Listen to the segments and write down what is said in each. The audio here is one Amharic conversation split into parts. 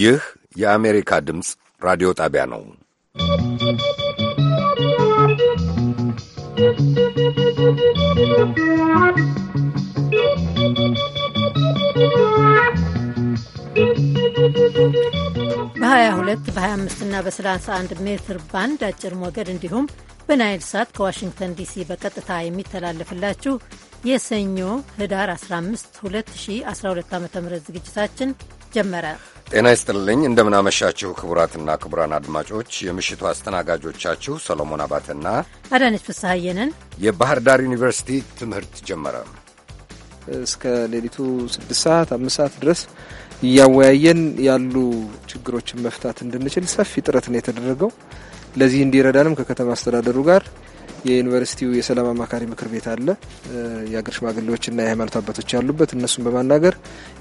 ይህ የአሜሪካ ድምፅ ራዲዮ ጣቢያ ነው። በ22 በ25 እና በ31 ሜትር ባንድ አጭር ሞገድ እንዲሁም በናይል ሳት ከዋሽንግተን ዲሲ በቀጥታ የሚተላለፍላችሁ የሰኞ ህዳር 15 2012 ዓ ም ዝግጅታችን ጀመረ። ጤና ይስጥልኝ፣ እንደምናመሻችሁ ክቡራትና ክቡራን አድማጮች የምሽቱ አስተናጋጆቻችሁ ሰሎሞን አባተና አዳነች ፍስሐየንን። የባህር ዳር ዩኒቨርሲቲ ትምህርት ጀመረ። እስከ ሌሊቱ ስድስት ሰዓት አምስት ሰዓት ድረስ እያወያየን ያሉ ችግሮችን መፍታት እንድንችል ሰፊ ጥረት ነው የተደረገው። ለዚህ እንዲረዳንም ከከተማ አስተዳደሩ ጋር የዩኒቨርሲቲው የሰላም አማካሪ ምክር ቤት አለ። የአገር ሽማግሌዎችና የሃይማኖት አባቶች ያሉበት እነሱን በማናገር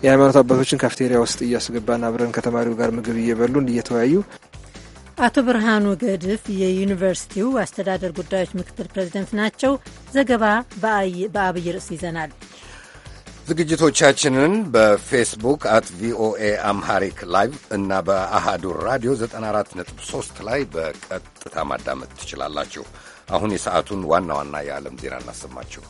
የሃይማኖት አባቶችን ካፍቴሪያ ውስጥ እያስገባን አብረን ከተማሪው ጋር ምግብ እየበሉ እየተወያዩ አቶ ብርሃኑ ገድፍ የዩኒቨርሲቲው አስተዳደር ጉዳዮች ምክትል ፕሬዚደንት ናቸው። ዘገባ በአብይ ርዕስ ይዘናል። ዝግጅቶቻችንን በፌስቡክ አት ቪኦኤ አምሃሪክ ላይቭ እና በአሃዱ ራዲዮ 94.3 ላይ በቀጥታ ማዳመጥ ትችላላችሁ። አሁን የሰዓቱን ዋና ዋና የዓለም ዜና እናሰማችሁ።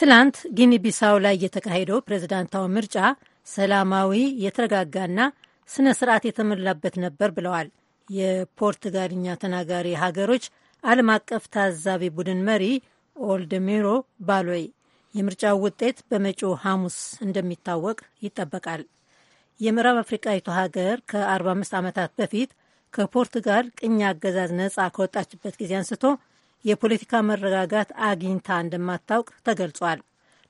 ትላንት ጊኒ ቢሳው ላይ የተካሄደው ፕሬዝዳንታዊ ምርጫ ሰላማዊ፣ የተረጋጋና ስነ ስርዓት የተሞላበት ነበር ብለዋል የፖርቱጋልኛ ተናጋሪ ሀገሮች ዓለም አቀፍ ታዛቢ ቡድን መሪ ኦልደሚሮ ባሎይ። የምርጫው ውጤት በመጪው ሐሙስ እንደሚታወቅ ይጠበቃል። የምዕራብ አፍሪቃዊቱ ሀገር ከ45 ዓመታት በፊት ከፖርቱጋል ቅኝ አገዛዝ ነጻ ከወጣችበት ጊዜ አንስቶ የፖለቲካ መረጋጋት አግኝታ እንደማታውቅ ተገልጿል።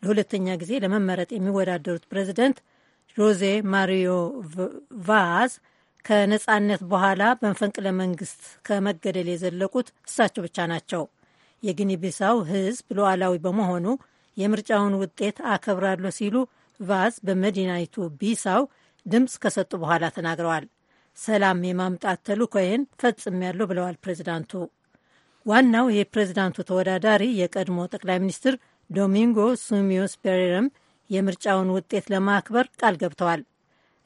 ለሁለተኛ ጊዜ ለመመረጥ የሚወዳደሩት ፕሬዚደንት ዦዜ ማሪዮ ቫዝ ከነጻነት በኋላ በመፈንቅለ መንግስት ከመገደል የዘለቁት እሳቸው ብቻ ናቸው። የጊኒ ቢሳው ህዝብ ሉዓላዊ በመሆኑ የምርጫውን ውጤት አከብራለሁ ሲሉ ቫዝ በመዲናይቱ ቢሳው ድምፅ ከሰጡ በኋላ ተናግረዋል። ሰላም የማምጣት ፈጽም ፈጽሜያለሁ ብለዋል ፕሬዚዳንቱ። ዋናው የፕሬዚዳንቱ ተወዳዳሪ የቀድሞ ጠቅላይ ሚኒስትር ዶሚንጎ ሱሚዮስ ፔሬራም የምርጫውን ውጤት ለማክበር ቃል ገብተዋል።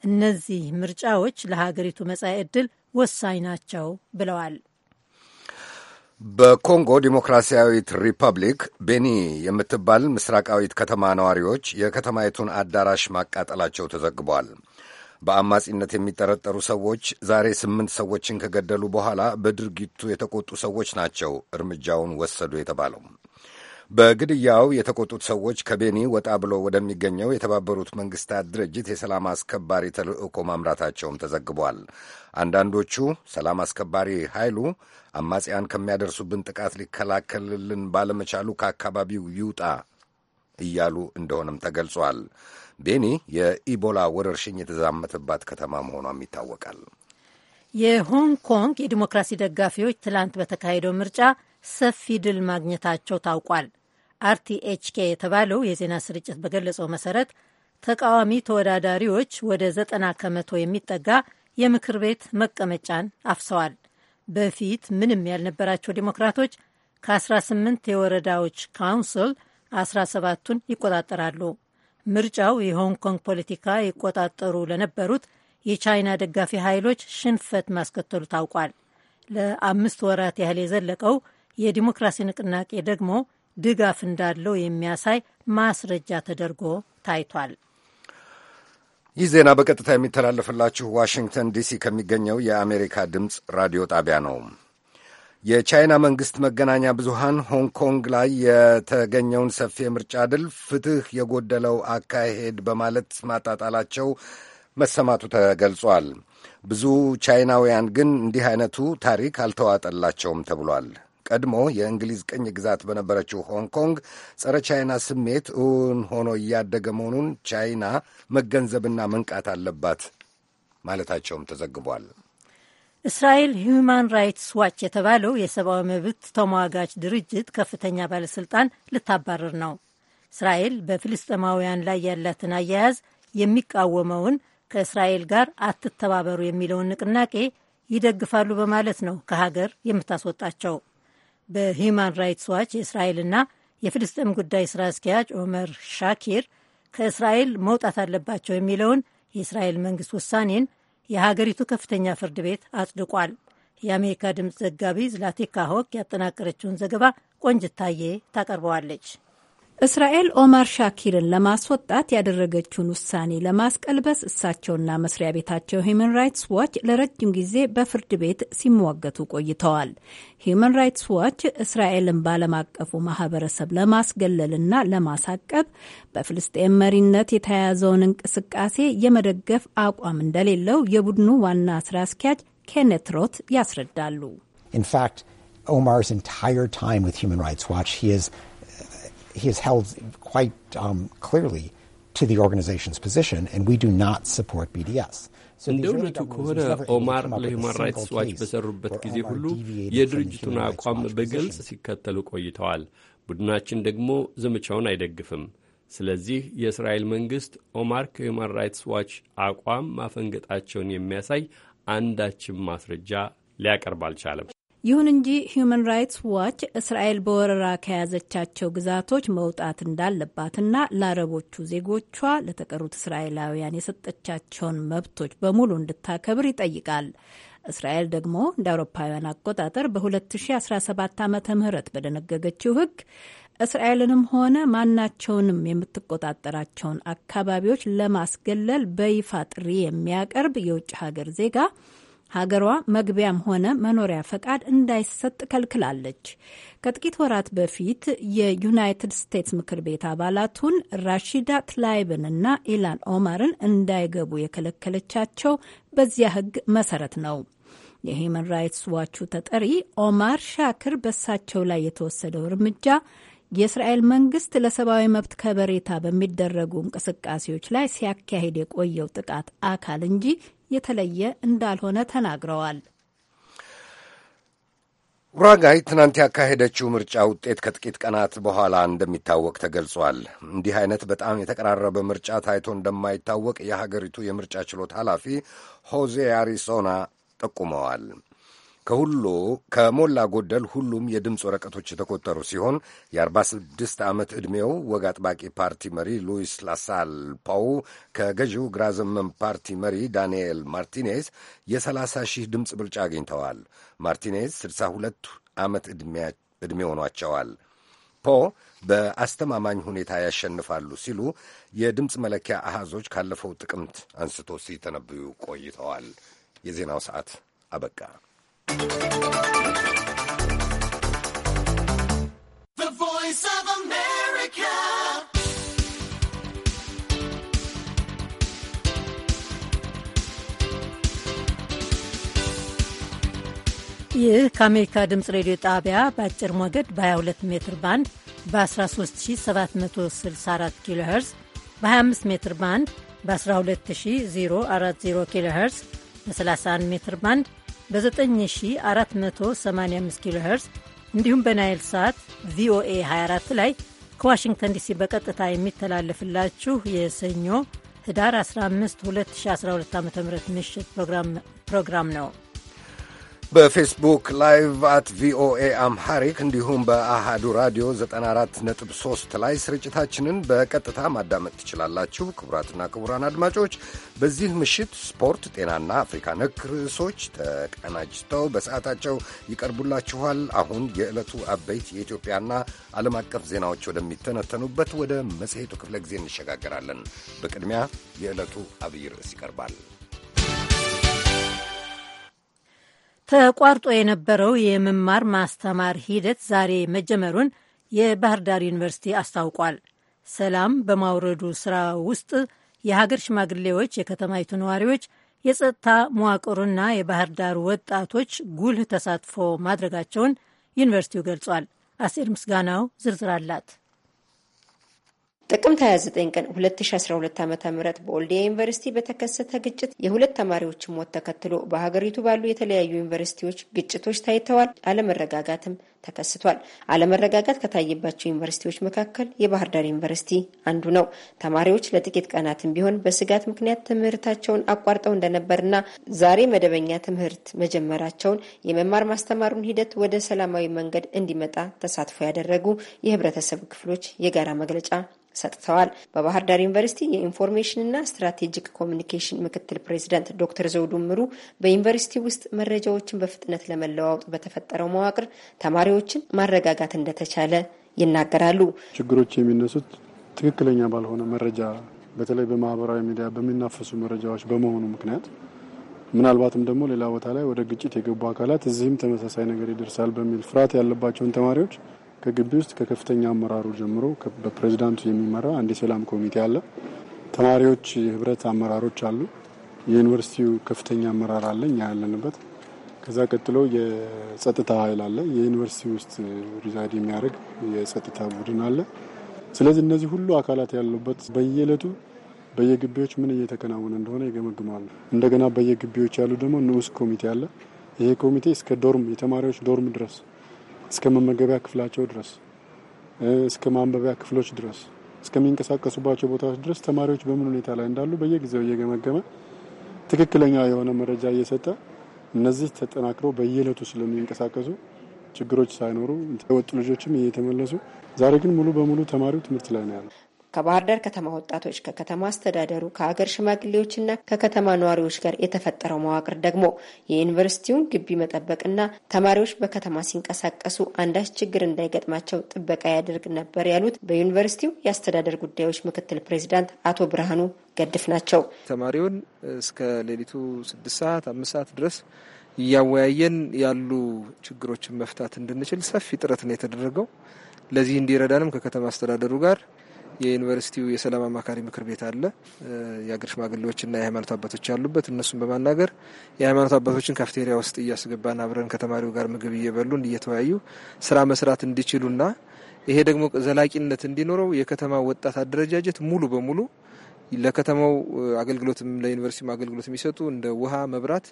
እነዚህ ምርጫዎች ለሀገሪቱ መጻኢ ዕድል ወሳኝ ናቸው ብለዋል። በኮንጎ ዲሞክራሲያዊት ሪፐብሊክ ቤኒ የምትባል ምስራቃዊት ከተማ ነዋሪዎች የከተማይቱን አዳራሽ ማቃጠላቸው ተዘግቧል። በአማጺነት የሚጠረጠሩ ሰዎች ዛሬ ስምንት ሰዎችን ከገደሉ በኋላ በድርጊቱ የተቆጡ ሰዎች ናቸው እርምጃውን ወሰዱ የተባለው። በግድያው የተቆጡት ሰዎች ከቤኒ ወጣ ብሎ ወደሚገኘው የተባበሩት መንግስታት ድርጅት የሰላም አስከባሪ ተልእኮ ማምራታቸውም ተዘግቧል። አንዳንዶቹ ሰላም አስከባሪ ኃይሉ አማጽያን ከሚያደርሱብን ጥቃት ሊከላከልልን ባለመቻሉ ከአካባቢው ይውጣ እያሉ እንደሆነም ተገልጿል። ቤኒ የኢቦላ ወረርሽኝ የተዛመተባት ከተማ መሆኗም ይታወቃል። የሆንግ ኮንግ የዲሞክራሲ ደጋፊዎች ትላንት በተካሄደው ምርጫ ሰፊ ድል ማግኘታቸው ታውቋል። አርቲኤችኬ የተባለው የዜና ስርጭት በገለጸው መሰረት ተቃዋሚ ተወዳዳሪዎች ወደ ዘጠና ከመቶ የሚጠጋ የምክር ቤት መቀመጫን አፍሰዋል። በፊት ምንም ያልነበራቸው ዲሞክራቶች ከ18 የወረዳዎች ካውንስል 17ቱን ይቆጣጠራሉ። ምርጫው የሆንግ ኮንግ ፖለቲካ ይቆጣጠሩ ለነበሩት የቻይና ደጋፊ ኃይሎች ሽንፈት ማስከተሉ ታውቋል። ለአምስት ወራት ያህል የዘለቀው የዲሞክራሲ ንቅናቄ ደግሞ ድጋፍ እንዳለው የሚያሳይ ማስረጃ ተደርጎ ታይቷል። ይህ ዜና በቀጥታ የሚተላለፍላችሁ ዋሽንግተን ዲሲ ከሚገኘው የአሜሪካ ድምፅ ራዲዮ ጣቢያ ነው። የቻይና መንግሥት መገናኛ ብዙሃን ሆንግ ኮንግ ላይ የተገኘውን ሰፊ የምርጫ ድል ፍትሕ የጎደለው አካሄድ በማለት ማጣጣላቸው መሰማቱ ተገልጿል። ብዙ ቻይናውያን ግን እንዲህ አይነቱ ታሪክ አልተዋጠላቸውም ተብሏል። ቀድሞ የእንግሊዝ ቅኝ ግዛት በነበረችው ሆንግ ኮንግ ጸረ ቻይና ስሜት እውን ሆኖ እያደገ መሆኑን ቻይና መገንዘብና መንቃት አለባት ማለታቸውም ተዘግቧል። እስራኤል ሂዩማን ራይትስ ዋች የተባለው የሰብአዊ መብት ተሟጋች ድርጅት ከፍተኛ ባለሥልጣን ልታባረር ነው። እስራኤል በፍልስጤማውያን ላይ ያላትን አያያዝ የሚቃወመውን ከእስራኤል ጋር አትተባበሩ የሚለውን ንቅናቄ ይደግፋሉ በማለት ነው ከሀገር የምታስወጣቸው። በሂዩማን ራይትስ ዋች የእስራኤልና የፍልስጤም ጉዳይ ስራ አስኪያጅ ኦመር ሻኪር ከእስራኤል መውጣት አለባቸው የሚለውን የእስራኤል መንግስት ውሳኔን የሀገሪቱ ከፍተኛ ፍርድ ቤት አጽድቋል። የአሜሪካ ድምፅ ዘጋቢ ዝላቴካ ሆክ ያጠናቀረችውን ዘገባ ቆንጅታዬ ታቀርበዋለች። እስራኤል ኦማር ሻኪርን ለማስወጣት ያደረገችውን ውሳኔ ለማስቀልበስ እሳቸውና መስሪያ ቤታቸው ሂዩማን ራይትስ ዋች ለረጅም ጊዜ በፍርድ ቤት ሲሟገቱ ቆይተዋል። ሂዩማን ራይትስ ዋች እስራኤልን ባለም አቀፉ ማህበረሰብ ለማስገለልና ለማሳቀብ በፍልስጤም መሪነት የተያያዘውን እንቅስቃሴ የመደገፍ አቋም እንደሌለው የቡድኑ ዋና ስራ አስኪያጅ ኬኔት ሮት ያስረዳሉ። ኦማርስ ኢንታየር ታይም ሂዩማን ራይትስ ዋች he is held quite um, clearly to the organization's position, and we do not support BDS. እንደ እውነቱ ከሆነ ኦማር ለሂውማን ራይትስ ዋች በሰሩበት ጊዜ ሁሉ የድርጅቱን አቋም በግልጽ ሲከተሉ ቆይተዋል። ቡድናችን ደግሞ ዘመቻውን አይደግፍም። ስለዚህ የእስራኤል መንግሥት ኦማር ከሂውማን ራይትስ ዋች አቋም ማፈንገጣቸውን የሚያሳይ አንዳችም ማስረጃ ሊያቀርብ አልቻለም። ይሁን እንጂ ሂዩማን ራይትስ ዋች እስራኤል በወረራ ከያዘቻቸው ግዛቶች መውጣት እንዳለባትና ለአረቦቹ ዜጎቿ ለተቀሩት እስራኤላውያን የሰጠቻቸውን መብቶች በሙሉ እንድታከብር ይጠይቃል። እስራኤል ደግሞ እንደ አውሮፓውያን አቆጣጠር በ2017 ዓ ምህረት በደነገገችው ህግ እስራኤልንም ሆነ ማናቸውንም የምትቆጣጠራቸውን አካባቢዎች ለማስገለል በይፋ ጥሪ የሚያቀርብ የውጭ ሀገር ዜጋ ሀገሯ መግቢያም ሆነ መኖሪያ ፈቃድ እንዳይሰጥ ከልክላለች። ከጥቂት ወራት በፊት የዩናይትድ ስቴትስ ምክር ቤት አባላቱን ራሺዳ ትላይብን እና ኢላን ኦማርን እንዳይገቡ የከለከለቻቸው በዚያ ሕግ መሰረት ነው። የሂዩማን ራይትስ ዋቹ ተጠሪ ኦማር ሻክር በሳቸው ላይ የተወሰደው እርምጃ የእስራኤል መንግስት ለሰብአዊ መብት ከበሬታ በሚደረጉ እንቅስቃሴዎች ላይ ሲያካሂድ የቆየው ጥቃት አካል እንጂ የተለየ እንዳልሆነ ተናግረዋል። ውራጋይ ትናንት ያካሄደችው ምርጫ ውጤት ከጥቂት ቀናት በኋላ እንደሚታወቅ ተገልጿል። እንዲህ አይነት በጣም የተቀራረበ ምርጫ ታይቶ እንደማይታወቅ የሀገሪቱ የምርጫ ችሎት ኃላፊ ሆዜ አሪሶና ጠቁመዋል። ከሁሉ ከሞላ ጎደል ሁሉም የድምፅ ወረቀቶች የተቆጠሩ ሲሆን የ46 ዓመት ዕድሜው ወግ አጥባቂ ፓርቲ መሪ ሉዊስ ላሳል ፓው ከገዢው ግራ ዘመም ፓርቲ መሪ ዳንኤል ማርቲኔዝ የ30 ሺህ ድምፅ ብልጫ አግኝተዋል። ማርቲኔዝ 62 ዓመት ዕድሜ ሆኗቸዋል። ፖ በአስተማማኝ ሁኔታ ያሸንፋሉ ሲሉ የድምፅ መለኪያ አሃዞች ካለፈው ጥቅምት አንስቶ ሲተነብዩ ቆይተዋል። የዜናው ሰዓት አበቃ። ይህ ከአሜሪካ ድምፅ ሬዲዮ ጣቢያ በአጭር ሞገድ በ22 ሜትር ባንድ በ13764 ኪሎ ሄርዝ በ25 ሜትር ባንድ በ12040 ኪሎ ሄርዝ በ31 ሜትር ባንድ በ9485 ኪሎ ሄርዝ እንዲሁም በናይል ሳት ቪኦኤ 24 ላይ ከዋሽንግተን ዲሲ በቀጥታ የሚተላለፍላችሁ የሰኞ ህዳር 15 2012 ዓ ም ምሽት ፕሮግራም ነው። በፌስቡክ ላይቭ አት ቪኦኤ አምሃሪክ እንዲሁም በአሃዱ ራዲዮ 94.3 ላይ ስርጭታችንን በቀጥታ ማዳመጥ ትችላላችሁ። ክቡራትና ክቡራን አድማጮች በዚህ ምሽት ስፖርት፣ ጤናና አፍሪካ ነክ ርዕሶች ተቀናጅተው በሰዓታቸው ይቀርቡላችኋል። አሁን የዕለቱ አበይት የኢትዮጵያና ዓለም አቀፍ ዜናዎች ወደሚተነተኑበት ወደ መጽሔቱ ክፍለ ጊዜ እንሸጋገራለን። በቅድሚያ የዕለቱ አብይ ርዕስ ይቀርባል። ተቋርጦ የነበረው የመማር ማስተማር ሂደት ዛሬ መጀመሩን የባህር ዳር ዩኒቨርሲቲ አስታውቋል። ሰላም በማውረዱ ስራ ውስጥ የሀገር ሽማግሌዎች፣ የከተማይቱ ነዋሪዎች፣ የጸጥታ መዋቅሩና የባህር ዳር ወጣቶች ጉልህ ተሳትፎ ማድረጋቸውን ዩኒቨርሲቲው ገልጿል። አስቴር ምስጋናው ዝርዝር አላት። ጥቅምት 29 ቀን 2012 ዓ ም በወልዲያ ዩኒቨርሲቲ በተከሰተ ግጭት የሁለት ተማሪዎች ሞት ተከትሎ በሀገሪቱ ባሉ የተለያዩ ዩኒቨርሲቲዎች ግጭቶች ታይተዋል። አለመረጋጋትም ተከስቷል። አለመረጋጋት ከታየባቸው ዩኒቨርሲቲዎች መካከል የባህር ዳር ዩኒቨርሲቲ አንዱ ነው። ተማሪዎች ለጥቂት ቀናትም ቢሆን በስጋት ምክንያት ትምህርታቸውን አቋርጠው እንደነበርና ዛሬ መደበኛ ትምህርት መጀመራቸውን የመማር ማስተማሩን ሂደት ወደ ሰላማዊ መንገድ እንዲመጣ ተሳትፎ ያደረጉ የህብረተሰብ ክፍሎች የጋራ መግለጫ ሰጥተዋል። በባህር ዳር ዩኒቨርሲቲ የኢንፎርሜሽንና ስትራቴጂክ ኮሚኒኬሽን ምክትል ፕሬዚደንት ዶክተር ዘውዱ ምሩ በዩኒቨርሲቲ ውስጥ መረጃዎችን በፍጥነት ለመለዋወጥ በተፈጠረው መዋቅር ተማሪዎችን ማረጋጋት እንደተቻለ ይናገራሉ። ችግሮች የሚነሱት ትክክለኛ ባልሆነ መረጃ በተለይ በማህበራዊ ሚዲያ በሚናፈሱ መረጃዎች በመሆኑ ምክንያት ምናልባትም ደግሞ ሌላ ቦታ ላይ ወደ ግጭት የገቡ አካላት እዚህም ተመሳሳይ ነገር ይደርሳል በሚል ፍርሃት ያለባቸውን ተማሪዎች ከግቢ ውስጥ ከከፍተኛ አመራሩ ጀምሮ በፕሬዚዳንቱ የሚመራ አንድ የሰላም ኮሚቴ አለ። ተማሪዎች ህብረት አመራሮች አሉ። የዩኒቨርሲቲው ከፍተኛ አመራር አለ፣ እኛ ያለንበት። ከዛ ቀጥሎ የጸጥታ ኃይል አለ። የዩኒቨርሲቲ ውስጥ ሪዛይድ የሚያደርግ የጸጥታ ቡድን አለ። ስለዚህ እነዚህ ሁሉ አካላት ያሉበት በየዕለቱ በየግቢዎች ምን እየተከናወነ እንደሆነ ይገመግማሉ። እንደገና በየግቢዎች ያሉ ደግሞ ንዑስ ኮሚቴ አለ። ይሄ ኮሚቴ እስከ ዶርም የተማሪዎች ዶርም ድረስ እስከ መመገቢያ ክፍላቸው ድረስ እስከ ማንበቢያ ክፍሎች ድረስ እስከሚንቀሳቀሱባቸው ቦታዎች ድረስ ተማሪዎች በምን ሁኔታ ላይ እንዳሉ በየጊዜው እየገመገመ ትክክለኛ የሆነ መረጃ እየሰጠ እነዚህ ተጠናክረው በየዕለቱ ስለሚንቀሳቀሱ ችግሮች ሳይኖሩ ወጡ ልጆችም እየተመለሱ ዛሬ ግን ሙሉ በሙሉ ተማሪው ትምህርት ላይ ነው ያለው። ከባህር ዳር ከተማ ወጣቶች፣ ከከተማ አስተዳደሩ፣ ከሀገር ሽማግሌዎችና ከከተማ ነዋሪዎች ጋር የተፈጠረው መዋቅር ደግሞ የዩኒቨርሲቲውን ግቢ መጠበቅና ተማሪዎች በከተማ ሲንቀሳቀሱ አንዳች ችግር እንዳይገጥማቸው ጥበቃ ያደርግ ነበር ያሉት በዩኒቨርሲቲው የአስተዳደር ጉዳዮች ምክትል ፕሬዚዳንት አቶ ብርሃኑ ገድፍ ናቸው። ተማሪውን እስከ ሌሊቱ ስድስት ሰዓት አምስት ሰዓት ድረስ እያወያየን ያሉ ችግሮችን መፍታት እንድንችል ሰፊ ጥረት ነው የተደረገው። ለዚህ እንዲረዳንም ከከተማ አስተዳደሩ ጋር የዩኒቨርሲቲው የሰላም አማካሪ ምክር ቤት አለ። የአገር ሽማግሌዎችና የሃይማኖት አባቶች ያሉበት እነሱን በማናገር የሃይማኖት አባቶችን ካፍቴሪያ ውስጥ እያስገባን አብረን ከተማሪው ጋር ምግብ እየበሉ እየተወያዩ ስራ መስራት እንዲችሉና ይሄ ደግሞ ዘላቂነት እንዲኖረው የከተማ ወጣት አደረጃጀት ሙሉ በሙሉ ለከተማው አገልግሎትም ለዩኒቨርሲቲ አገልግሎት የሚሰጡ እንደ ውሃ፣ መብራት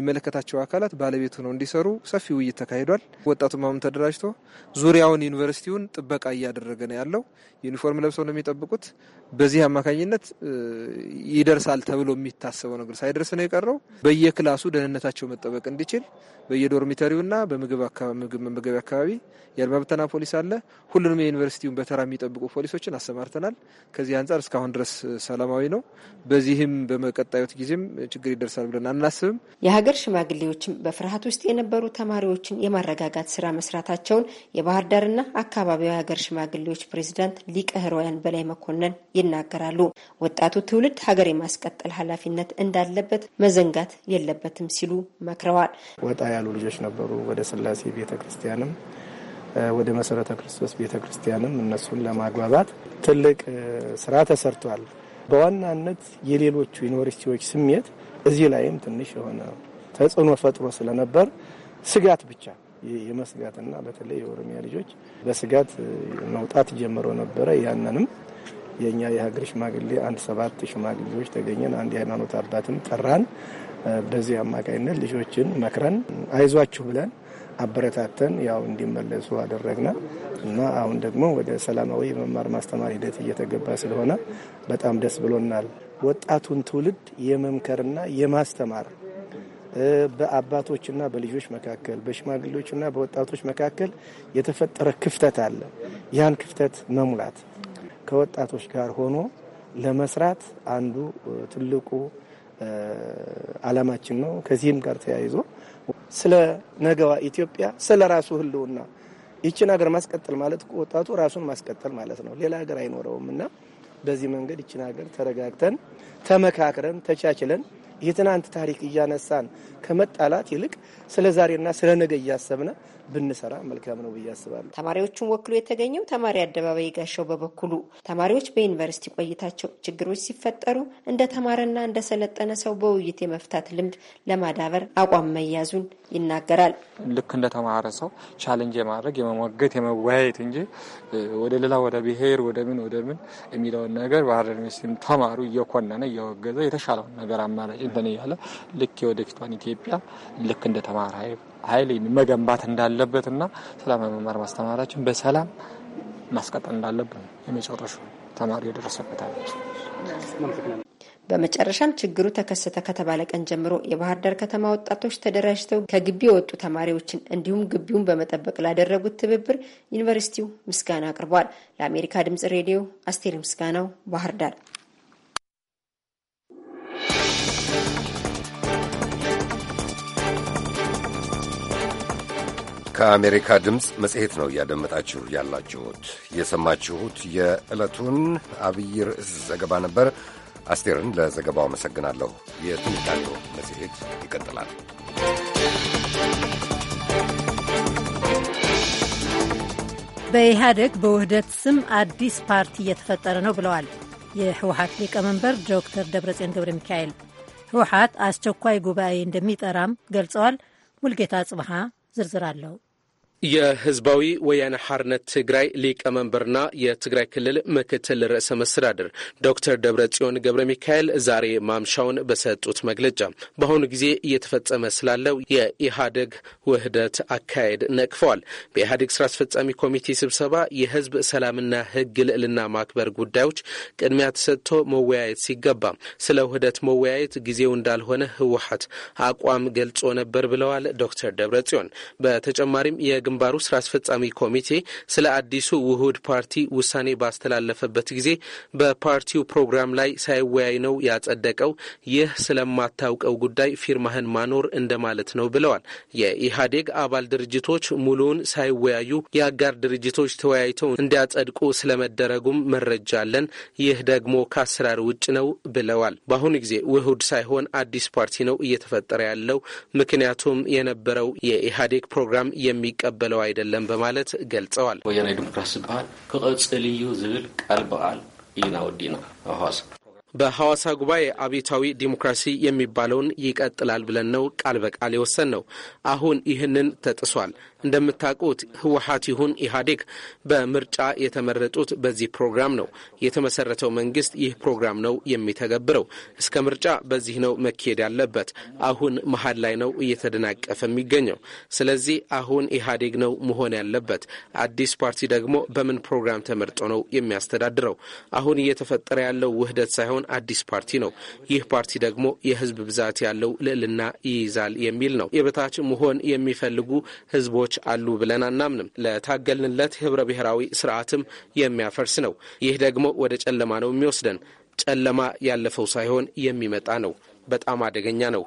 የሚመለከታቸው አካላት ባለቤት ነው እንዲሰሩ ሰፊ ውይይት ተካሂዷል። ወጣቱ ማምን ተደራጅቶ ዙሪያውን ዩኒቨርሲቲውን ጥበቃ እያደረገ ነው ያለው። ዩኒፎርም ለብሰው ነው የሚጠብቁት። በዚህ አማካኝነት ይደርሳል ተብሎ የሚታሰበው ነገር ሳይደርስ ነው የቀረው። በየክላሱ ደህንነታቸው መጠበቅ እንዲችል በየዶርሚተሪውና በምግብ መመገቢያ አካባቢ የአድማ ፖሊስ አለ። ሁሉንም የዩኒቨርሲቲውን በተራ የሚጠብቁ ፖሊሶችን አሰማርተናል። ከዚህ አንጻር እስካሁን ድረስ ሰላማዊ ነው። በዚህም በመቀጣዩት ጊዜም ችግር ይደርሳል ብለን አናስብም። የሀገር ሽማግሌዎችም በፍርሃት ውስጥ የነበሩ ተማሪዎችን የማረጋጋት ስራ መስራታቸውን የባህር ዳርና አካባቢው የሀገር ሽማግሌዎች ፕሬዚዳንት ሊቀ ህሮያን በላይ መኮንን ይናገራሉ። ወጣቱ ትውልድ ሀገር የማስቀጠል ኃላፊነት እንዳለበት መዘንጋት የለበትም ሲሉ መክረዋል። ወጣ ያሉ ልጆች ነበሩ። ወደ ስላሴ ቤተ ክርስቲያንም ወደ መሰረተ ክርስቶስ ቤተ ክርስቲያንም እነሱን ለማግባባት ትልቅ ስራ ተሰርቷል። በዋናነት የሌሎቹ ዩኒቨርሲቲዎች ስሜት እዚህ ላይም ትንሽ የሆነ ተጽዕኖ ፈጥሮ ስለነበር ስጋት ብቻ የመስጋትና በተለይ የኦሮሚያ ልጆች በስጋት መውጣት ጀምሮ ነበረ። ያንንም የእኛ የሀገር ሽማግሌ አንድ ሰባት ሽማግሌዎች ተገኘን። አንድ የሃይማኖት አባትም ጠራን። በዚህ አማካኝነት ልጆችን መክረን አይዟችሁ ብለን አበረታተን ያው እንዲመለሱ አደረግና እና አሁን ደግሞ ወደ ሰላማዊ የመማር ማስተማር ሂደት እየተገባ ስለሆነ በጣም ደስ ብሎናል። ወጣቱን ትውልድ የመምከርና የማስተማር በአባቶችና በልጆች መካከል በሽማግሌዎችና በወጣቶች መካከል የተፈጠረ ክፍተት አለ። ያን ክፍተት መሙላት ከወጣቶች ጋር ሆኖ ለመስራት አንዱ ትልቁ አላማችን ነው። ከዚህም ጋር ተያይዞ ስለ ነገዋ ኢትዮጵያ፣ ስለ ራሱ ህልውና ይችን ሀገር ማስቀጠል ማለት ወጣቱ ራሱን ማስቀጠል ማለት ነው። ሌላ ሀገር አይኖረውም እና በዚህ መንገድ ይችን ሀገር ተረጋግተን፣ ተመካክረን፣ ተቻችለን የትናንት ታሪክ እያነሳን ከመጣላት ይልቅ ስለ ዛሬና ስለ ነገ እያሰብነ ብንሰራ መልካም ነው ብዬ አስባለሁ። ተማሪዎቹን ወክሎ የተገኘው ተማሪ አደባባይ ጋሻው በበኩሉ ተማሪዎች በዩኒቨርሲቲ ቆይታቸው ችግሮች ሲፈጠሩ እንደ ተማረና እንደ ሰለጠነ ሰው በውይይት የመፍታት ልምድ ለማዳበር አቋም መያዙን ይናገራል። ልክ እንደ ተማረ ሰው ቻለንጅ የማድረግ የመሟገት፣ የመወያየት እንጂ ወደ ሌላ ወደ ብሄር ወደ ምን ወደ ምን የሚለውን ነገር ባህር ተማሩ እየኮነነ እየወገዘ የተሻለውን ነገር አማራጭ እንትን እያለ ልክ የወደፊቷን ኢትዮጵያ ልክ እንደ ተማረ ኃይል መገንባት እንዳለበትና ሰላም መማር ማስተማራችን በሰላም ማስቀጠል እንዳለብን የመጨረሹ ተማሪ የደረሰበታል። በመጨረሻም ችግሩ ተከሰተ ከተባለ ቀን ጀምሮ የባህር ዳር ከተማ ወጣቶች ተደራጅተው ከግቢ የወጡ ተማሪዎችን እንዲሁም ግቢውን በመጠበቅ ላደረጉት ትብብር ዩኒቨርሲቲው ምስጋና አቅርቧል። ለአሜሪካ ድምጽ ሬዲዮ አስቴር ምስጋናው ባህር ዳር። ከአሜሪካ ድምፅ መጽሔት ነው እያደመጣችሁ ያላችሁት። የሰማችሁት የዕለቱን አብይ ርዕስ ዘገባ ነበር። አስቴርን ለዘገባው አመሰግናለሁ። የትንታኔው መጽሔት ይቀጥላል። በኢህአደግ በውህደት ስም አዲስ ፓርቲ እየተፈጠረ ነው ብለዋል የህወሀት ሊቀመንበር ዶክተር ደብረጽዮን ገብረ ሚካኤል። ህወሀት አስቸኳይ ጉባኤ እንደሚጠራም ገልጸዋል። ሙልጌታ ጽብሃ ዝርዝር አለው። የህዝባዊ ወያነ ሐርነት ትግራይ ሊቀመንበርና የትግራይ ክልል ምክትል ርዕሰ መስተዳድር ዶክተር ደብረ ጽዮን ገብረ ሚካኤል ዛሬ ማምሻውን በሰጡት መግለጫ በአሁኑ ጊዜ እየተፈጸመ ስላለው የኢህአዴግ ውህደት አካሄድ ነቅፈዋል። በኢህአዴግ ስራ አስፈጻሚ ኮሚቴ ስብሰባ የህዝብ ሰላምና ህግ ልዕልና ማክበር ጉዳዮች ቅድሚያ ተሰጥቶ መወያየት ሲገባ ስለ ውህደት መወያየት ጊዜው እንዳልሆነ ህወሀት አቋም ገልጾ ነበር ብለዋል ዶክተር ደብረ ጽዮን በተጨማሪም ግንባሩ ስራ አስፈጻሚ ኮሚቴ ስለ አዲሱ ውሁድ ፓርቲ ውሳኔ ባስተላለፈበት ጊዜ በፓርቲው ፕሮግራም ላይ ሳይወያይ ነው ያጸደቀው። ይህ ስለማታውቀው ጉዳይ ፊርማህን ማኖር እንደማለት ነው ብለዋል። የኢህአዴግ አባል ድርጅቶች ሙሉውን ሳይወያዩ የአጋር ድርጅቶች ተወያይተው እንዲያጸድቁ ስለመደረጉም መረጃ አለን። ይህ ደግሞ ከአሰራር ውጭ ነው ብለዋል። በአሁኑ ጊዜ ውሁድ ሳይሆን አዲስ ፓርቲ ነው እየተፈጠረ ያለው ምክንያቱም የነበረው የኢህአዴግ ፕሮግራም የሚቀበል ልንቀበለው አይደለም በማለት ገልጸዋል። ወያናዊ ዲሞክራሲ ዝበሃል ክቐጽል እዩ ዝብል ቃል በቃል ኢና ወዲና ኣብ በሐዋሳ ጉባኤ አብዮታዊ ዲሞክራሲ የሚባለውን ይቀጥላል ብለን ነው ቃል በቃል የወሰን ነው። አሁን ይህንን ተጥሷል። እንደምታውቁት ህወሀት ይሁን ኢህአዴግ በምርጫ የተመረጡት በዚህ ፕሮግራም ነው። የተመሰረተው መንግስት ይህ ፕሮግራም ነው የሚተገብረው። እስከ ምርጫ በዚህ ነው መካሄድ ያለበት። አሁን መሀል ላይ ነው እየተደናቀፈ የሚገኘው። ስለዚህ አሁን ኢህአዴግ ነው መሆን ያለበት። አዲስ ፓርቲ ደግሞ በምን ፕሮግራም ተመርጦ ነው የሚያስተዳድረው? አሁን እየተፈጠረ ያለው ውህደት ሳይሆን ያለውን አዲስ ፓርቲ ነው። ይህ ፓርቲ ደግሞ የህዝብ ብዛት ያለው ልዕልና ይይዛል የሚል ነው። የበታች መሆን የሚፈልጉ ህዝቦች አሉ ብለን አናምንም። ለታገልንለት ህብረ ብሔራዊ ስርዓትም የሚያፈርስ ነው። ይህ ደግሞ ወደ ጨለማ ነው የሚወስደን። ጨለማ ያለፈው ሳይሆን የሚመጣ ነው። በጣም አደገኛ ነው።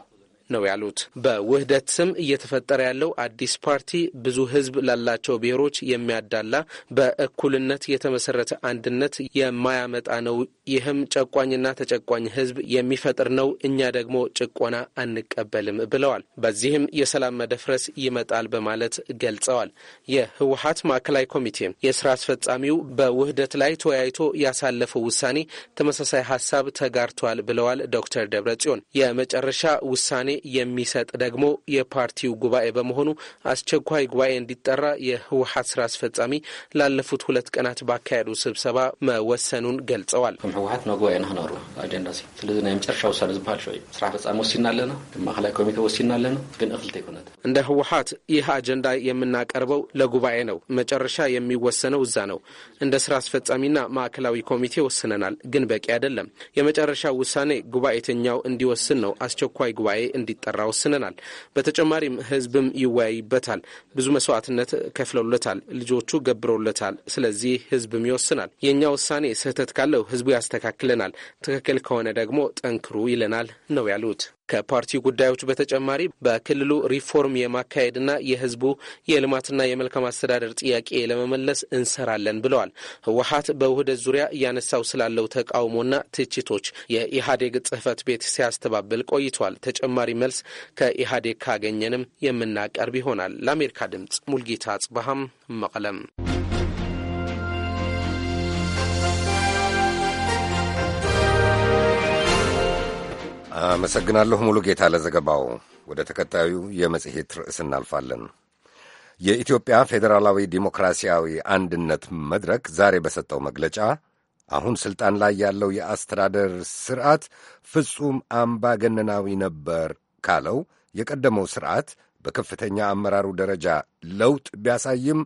ነው ያሉት። በውህደት ስም እየተፈጠረ ያለው አዲስ ፓርቲ ብዙ ህዝብ ላላቸው ብሔሮች የሚያዳላ በእኩልነት የተመሰረተ አንድነት የማያመጣ ነው። ይህም ጨቋኝና ተጨቋኝ ህዝብ የሚፈጥር ነው። እኛ ደግሞ ጭቆና አንቀበልም ብለዋል። በዚህም የሰላም መደፍረስ ይመጣል በማለት ገልጸዋል። የህወሀት ማዕከላዊ ኮሚቴ የስራ አስፈጻሚው በውህደት ላይ ተወያይቶ ያሳለፈው ውሳኔ ተመሳሳይ ሀሳብ ተጋርቷል ብለዋል ዶክተር ደብረ ጽዮን የመጨረሻ ውሳኔ የሚሰጥ ደግሞ የፓርቲው ጉባኤ በመሆኑ አስቸኳይ ጉባኤ እንዲጠራ የህወሀት ስራ አስፈጻሚ ላለፉት ሁለት ቀናት ባካሄዱ ስብሰባ መወሰኑን ገልጸዋል። ህወሀት ህወሓት ጉባኤ ንክነሩ ስለዚ ናይ መጨረሻ ውሳነ ዝበሃል ሸ እዩ ስራሕ ወሲና ኣለና ማእከላይ ኮሚቴ ወሲና ኣለና ግን እክልተ ይኮነት እንደ ህወሀት ይህ አጀንዳ የምናቀርበው ለጉባኤ ነው። መጨረሻ የሚወሰነው እዛ ነው። እንደ ስራ አስፈጻሚና ማዕከላዊ ኮሚቴ ወስነናል፣ ግን በቂ አይደለም። የመጨረሻ ውሳኔ ጉባኤተኛው እንዲወስን ነው። አስቸኳይ ጉባኤ እንዲጠራ ወስነናል። በተጨማሪም ህዝብም ይወያይበታል። ብዙ መስዋዕትነት ከፍለውለታል። ልጆቹ ገብረውለታል። ስለዚህ ህዝብም ይወስናል። የእኛ ውሳኔ ስህተት ካለው ህዝቡ ያስተካክለናል፣ ትክክል ከሆነ ደግሞ ጠንክሩ ይለናል ነው ያሉት። ከፓርቲው ጉዳዮች በተጨማሪ በክልሉ ሪፎርም የማካሄድና የህዝቡ የልማትና የመልካም አስተዳደር ጥያቄ ለመመለስ እንሰራለን ብለዋል። ህወሀት በውህደት ዙሪያ እያነሳው ስላለው ተቃውሞና ትችቶች የኢህአዴግ ጽህፈት ቤት ሲያስተባብል ቆይቷል። ተጨማሪ መልስ ከኢህአዴግ ካገኘንም የምናቀርብ ይሆናል። ለአሜሪካ ድምጽ ሙልጌታ አጽባሃም መቀለም አመሰግናለሁ ሙሉ ጌታ ለዘገባው። ወደ ተከታዩ የመጽሔት ርዕስ እናልፋለን። የኢትዮጵያ ፌዴራላዊ ዲሞክራሲያዊ አንድነት መድረክ ዛሬ በሰጠው መግለጫ አሁን ሥልጣን ላይ ያለው የአስተዳደር ሥርዓት ፍጹም አምባገነናዊ ነበር ካለው የቀደመው ሥርዓት በከፍተኛ አመራሩ ደረጃ ለውጥ ቢያሳይም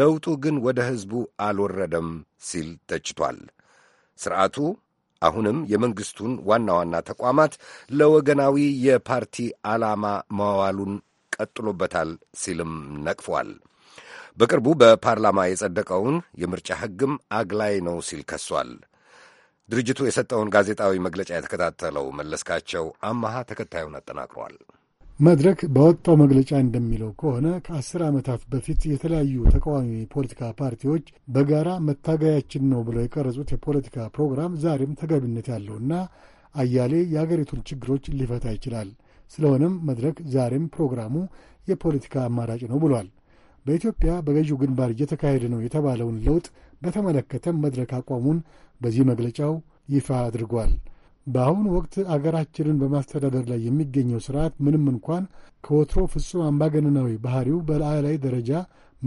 ለውጡ ግን ወደ ሕዝቡ አልወረደም ሲል ተችቷል። ሥርዓቱ አሁንም የመንግሥቱን ዋና ዋና ተቋማት ለወገናዊ የፓርቲ ዓላማ ማዋሉን ቀጥሎበታል ሲልም ነቅፏል። በቅርቡ በፓርላማ የጸደቀውን የምርጫ ሕግም አግላይ ነው ሲል ከሷል። ድርጅቱ የሰጠውን ጋዜጣዊ መግለጫ የተከታተለው መለስካቸው አማሃ ተከታዩን አጠናቅሯል። መድረክ በወጣው መግለጫ እንደሚለው ከሆነ ከአስር ዓመታት በፊት የተለያዩ ተቃዋሚ የፖለቲካ ፓርቲዎች በጋራ መታገያችን ነው ብለው የቀረጹት የፖለቲካ ፕሮግራም ዛሬም ተገቢነት ያለውና አያሌ የአገሪቱን ችግሮች ሊፈታ ይችላል። ስለሆነም መድረክ ዛሬም ፕሮግራሙ የፖለቲካ አማራጭ ነው ብሏል። በኢትዮጵያ በገዢው ግንባር እየተካሄደ ነው የተባለውን ለውጥ በተመለከተም መድረክ አቋሙን በዚህ መግለጫው ይፋ አድርጓል። በአሁኑ ወቅት አገራችንን በማስተዳደር ላይ የሚገኘው ስርዓት ምንም እንኳን ከወትሮ ፍጹም አምባገነናዊ ባህሪው በላዕላይ ደረጃ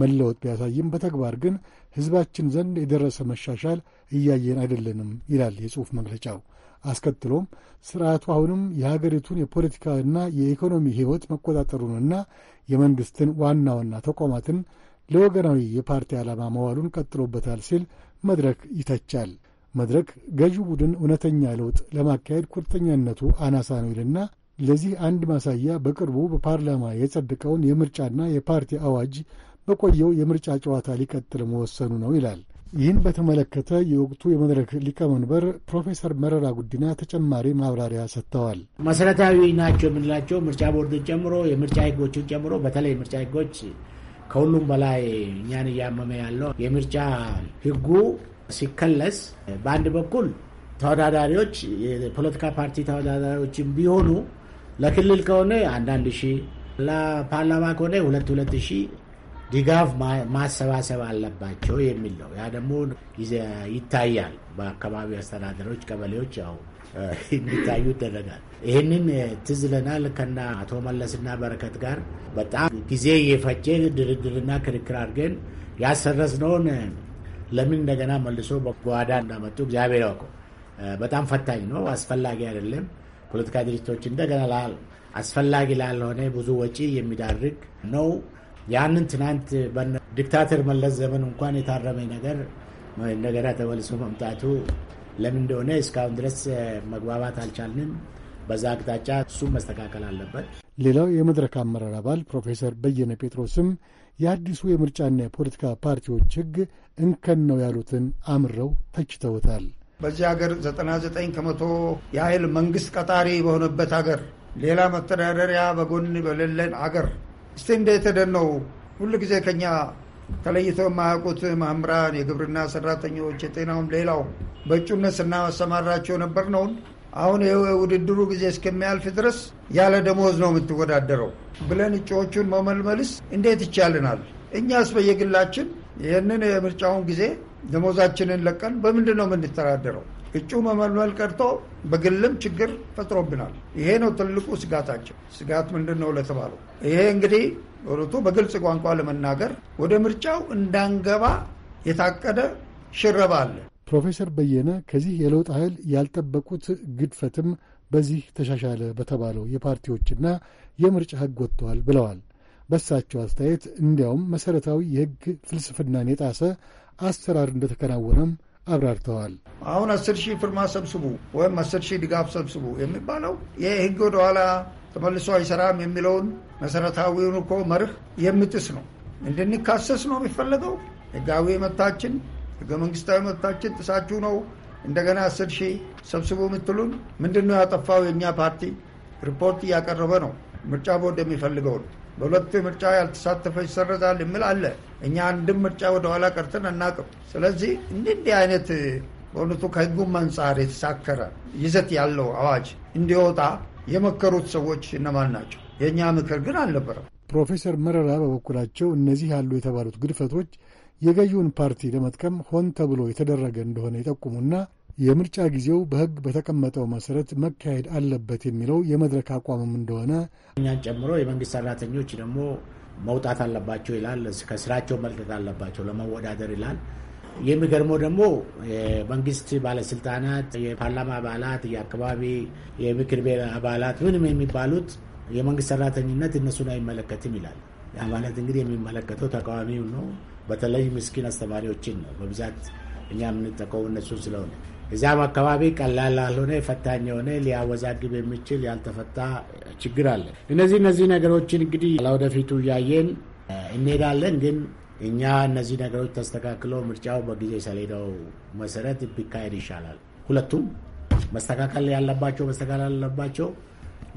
መለወጥ ቢያሳይም በተግባር ግን ህዝባችን ዘንድ የደረሰ መሻሻል እያየን አይደለንም ይላል የጽሑፍ መግለጫው። አስከትሎም ስርዓቱ አሁንም የሀገሪቱን የፖለቲካና የኢኮኖሚ ሕይወት መቆጣጠሩንና የመንግሥትን ዋና ዋና ተቋማትን ለወገናዊ የፓርቲ ዓላማ መዋሉን ቀጥሎበታል ሲል መድረክ ይተቻል። መድረክ ገዢው ቡድን እውነተኛ ለውጥ ለማካሄድ ቁርጠኛነቱ አናሳ ነው ይልና ለዚህ አንድ ማሳያ በቅርቡ በፓርላማ የጸደቀውን የምርጫና የፓርቲ አዋጅ በቆየው የምርጫ ጨዋታ ሊቀጥል መወሰኑ ነው ይላል። ይህን በተመለከተ የወቅቱ የመድረክ ሊቀመንበር ፕሮፌሰር መረራ ጉዲና ተጨማሪ ማብራሪያ ሰጥተዋል። መሰረታዊ ናቸው የምንላቸው ምርጫ ቦርድን ጨምሮ የምርጫ ህጎችን ጨምሮ በተለይ ምርጫ ሕጎች ከሁሉም በላይ እኛን እያመመ ያለው የምርጫ ህጉ ሲከለስ በአንድ በኩል ተወዳዳሪዎች የፖለቲካ ፓርቲ ተወዳዳሪዎችም ቢሆኑ ለክልል ከሆነ አንዳንድ ሺህ ለፓርላማ ከሆነ ሁለት ሁለት ሺህ ድጋፍ ማሰባሰብ አለባቸው የሚል ነው። ያ ደግሞ ይታያል። በአካባቢ አስተዳደሮች፣ ቀበሌዎች ያው እንዲታዩ ይደረጋል። ይህንን ትዝ ከና አቶ መለስና በረከት ጋር በጣም ጊዜ የፈጀ ድርድርና ክርክር አድርገን ያሰረስነውን ለምን እንደገና መልሶ በጓዳ እንዳመጡ እግዚአብሔር ያውቀው። በጣም ፈታኝ ነው። አስፈላጊ አይደለም። ፖለቲካ ድርጅቶች እንደገና አስፈላጊ ላልሆነ ብዙ ወጪ የሚዳርግ ነው። ያንን ትናንት ዲክታተር መለስ ዘመን እንኳን የታረመ ነገር እንደገና ተመልሶ መምጣቱ ለምን እንደሆነ እስካሁን ድረስ መግባባት አልቻልንም። በዛ አቅጣጫ እሱም መስተካከል አለበት። ሌላው የመድረክ አመራር አባል ፕሮፌሰር በየነ ጴጥሮስም የአዲሱ የምርጫና የፖለቲካ ፓርቲዎች ሕግ እንከን ነው ያሉትን አምረው ተችተውታል። በዚህ ሀገር 99 ከመቶ የኃይል መንግስት ቀጣሪ በሆነበት ሀገር ሌላ መተዳደሪያ በጎን በሌለን አገር እስቲ እንደተደን ነው ሁሉ ጊዜ ከኛ ተለይተው የማያውቁት መምህራን፣ የግብርና ሰራተኞች፣ የጤናውም ሌላው በእጩነት ስናሰማራቸው ነበር ነውን። አሁን የውድድሩ ጊዜ እስከሚያልፍ ድረስ ያለ ደሞዝ ነው የምትወዳደረው። ብለን እጩዎቹን መመልመልስ እንዴት ይቻልናል? እኛስ በየግላችን ይህንን የምርጫውን ጊዜ ደሞዛችንን ለቀን በምንድን ነው የምንተዳደረው? እጩ መመልመል ቀርቶ በግልም ችግር ፈጥሮብናል። ይሄ ነው ትልቁ ስጋታችን። ስጋት ምንድን ነው ለተባለው ይሄ እንግዲህ ሩቱ በግልጽ ቋንቋ ለመናገር ወደ ምርጫው እንዳንገባ የታቀደ ሽረባ አለ። ፕሮፌሰር በየነ ከዚህ የለውጥ ኃይል ያልጠበቁት ግድፈትም በዚህ ተሻሻለ በተባለው የፓርቲዎችና የምርጫ ሕግ ወጥተዋል ብለዋል። በሳቸው አስተያየት እንዲያውም መሠረታዊ የሕግ ፍልስፍናን የጣሰ አሰራር እንደተከናወነም አብራርተዋል። አሁን አስር ሺህ ፊርማ ሰብስቡ ወይም አስር ሺህ ድጋፍ ሰብስቡ የሚባለው ይህ ወደኋላ ተመልሶ አይሰራም የሚለውን መሠረታዊውን እኮ መርህ የሚጥስ ነው። እንድንካሰስ ነው የሚፈለገው። ሕጋዊ መብታችን፣ ሕገ መንግሥታዊ መብታችን ጥሳችሁ ነው እንደገና አስር ሺህ ሰብስቡ የምትሉን ምንድን ነው ያጠፋው? የእኛ ፓርቲ ሪፖርት እያቀረበ ነው። ምርጫ ቦርድ የሚፈልገው በሁለት ምርጫ ያልተሳተፈ ይሰረዛል የሚል አለ። እኛ አንድም ምርጫ ወደኋላ ቀርተን አናውቅም። ስለዚህ እንዲህ አይነት በእውነቱ ከህጉም አንጻር የተሳከረ ይዘት ያለው አዋጅ እንዲወጣ የመከሩት ሰዎች እነማን ናቸው? የእኛ ምክር ግን አልነበረም። ፕሮፌሰር መረራ በበኩላቸው እነዚህ ያሉ የተባሉት ግድፈቶች የገዢውን ፓርቲ ለመጥቀም ሆን ተብሎ የተደረገ እንደሆነ ይጠቁሙና የምርጫ ጊዜው በሕግ በተቀመጠው መሰረት መካሄድ አለበት የሚለው የመድረክ አቋምም እንደሆነ እኛን ጨምሮ የመንግስት ሰራተኞች ደግሞ መውጣት አለባቸው ይላል። ከስራቸው መልቀቅ አለባቸው ለመወዳደር ይላል። የሚገርመው ደግሞ የመንግስት ባለስልጣናት፣ የፓርላማ አባላት፣ የአካባቢ የምክር ቤት አባላት ምንም የሚባሉት የመንግስት ሰራተኝነት እነሱን አይመለከትም ይላል። ያ ማለት እንግዲህ የሚመለከተው ተቃዋሚው ነው በተለይ ምስኪን አስተማሪዎችን ነው በብዛት እኛ የምንጠቀሙ እነሱ ስለሆነ እዚያም አካባቢ ቀላል ላልሆነ ፈታኝ የሆነ ሊያወዛግብ የሚችል ያልተፈታ ችግር አለ። እነዚህ እነዚህ ነገሮችን እንግዲህ ለወደፊቱ እያየን እንሄዳለን። ግን እኛ እነዚህ ነገሮች ተስተካክለው ምርጫው በጊዜ ሰሌዳው መሰረት ቢካሄድ ይሻላል። ሁለቱም መስተካከል ያለባቸው መስተካከል ያለባቸው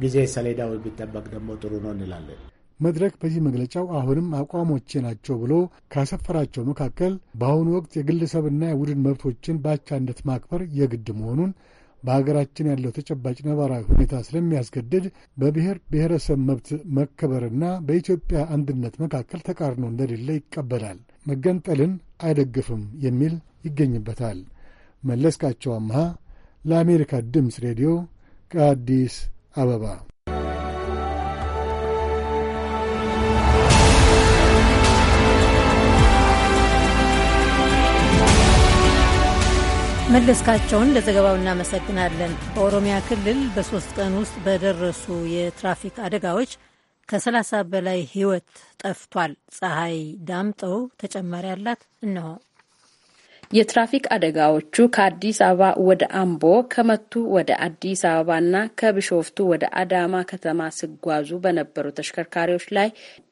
ጊዜ ሰሌዳው ቢጠበቅ ደግሞ ጥሩ ነው እንላለን። መድረክ በዚህ መግለጫው አሁንም አቋሞቼ ናቸው ብሎ ካሰፈራቸው መካከል በአሁኑ ወቅት የግለሰብና የቡድን መብቶችን በአቻነት ማክበር የግድ መሆኑን በሀገራችን ያለው ተጨባጭ ነባራዊ ሁኔታ ስለሚያስገድድ በብሔር ብሔረሰብ መብት መከበርና በኢትዮጵያ አንድነት መካከል ተቃርኖ እንደሌለ ይቀበላል፣ መገንጠልን አይደግፍም የሚል ይገኝበታል። መለስካቸው አምሃ ለአሜሪካ ድምፅ ሬዲዮ ከአዲስ አበባ መለስካቸውን ለዘገባው እናመሰግናለን። በኦሮሚያ ክልል በሶስት ቀን ውስጥ በደረሱ የትራፊክ አደጋዎች ከ30 በላይ ሕይወት ጠፍቷል። ፀሐይ ዳምጠው ተጨማሪ አላት። እነሆ የትራፊክ አደጋዎቹ ከአዲስ አበባ ወደ አምቦ፣ ከመቱ ወደ አዲስ አበባና ከብሾፍቱ ወደ አዳማ ከተማ ሲጓዙ በነበሩ ተሽከርካሪዎች ላይ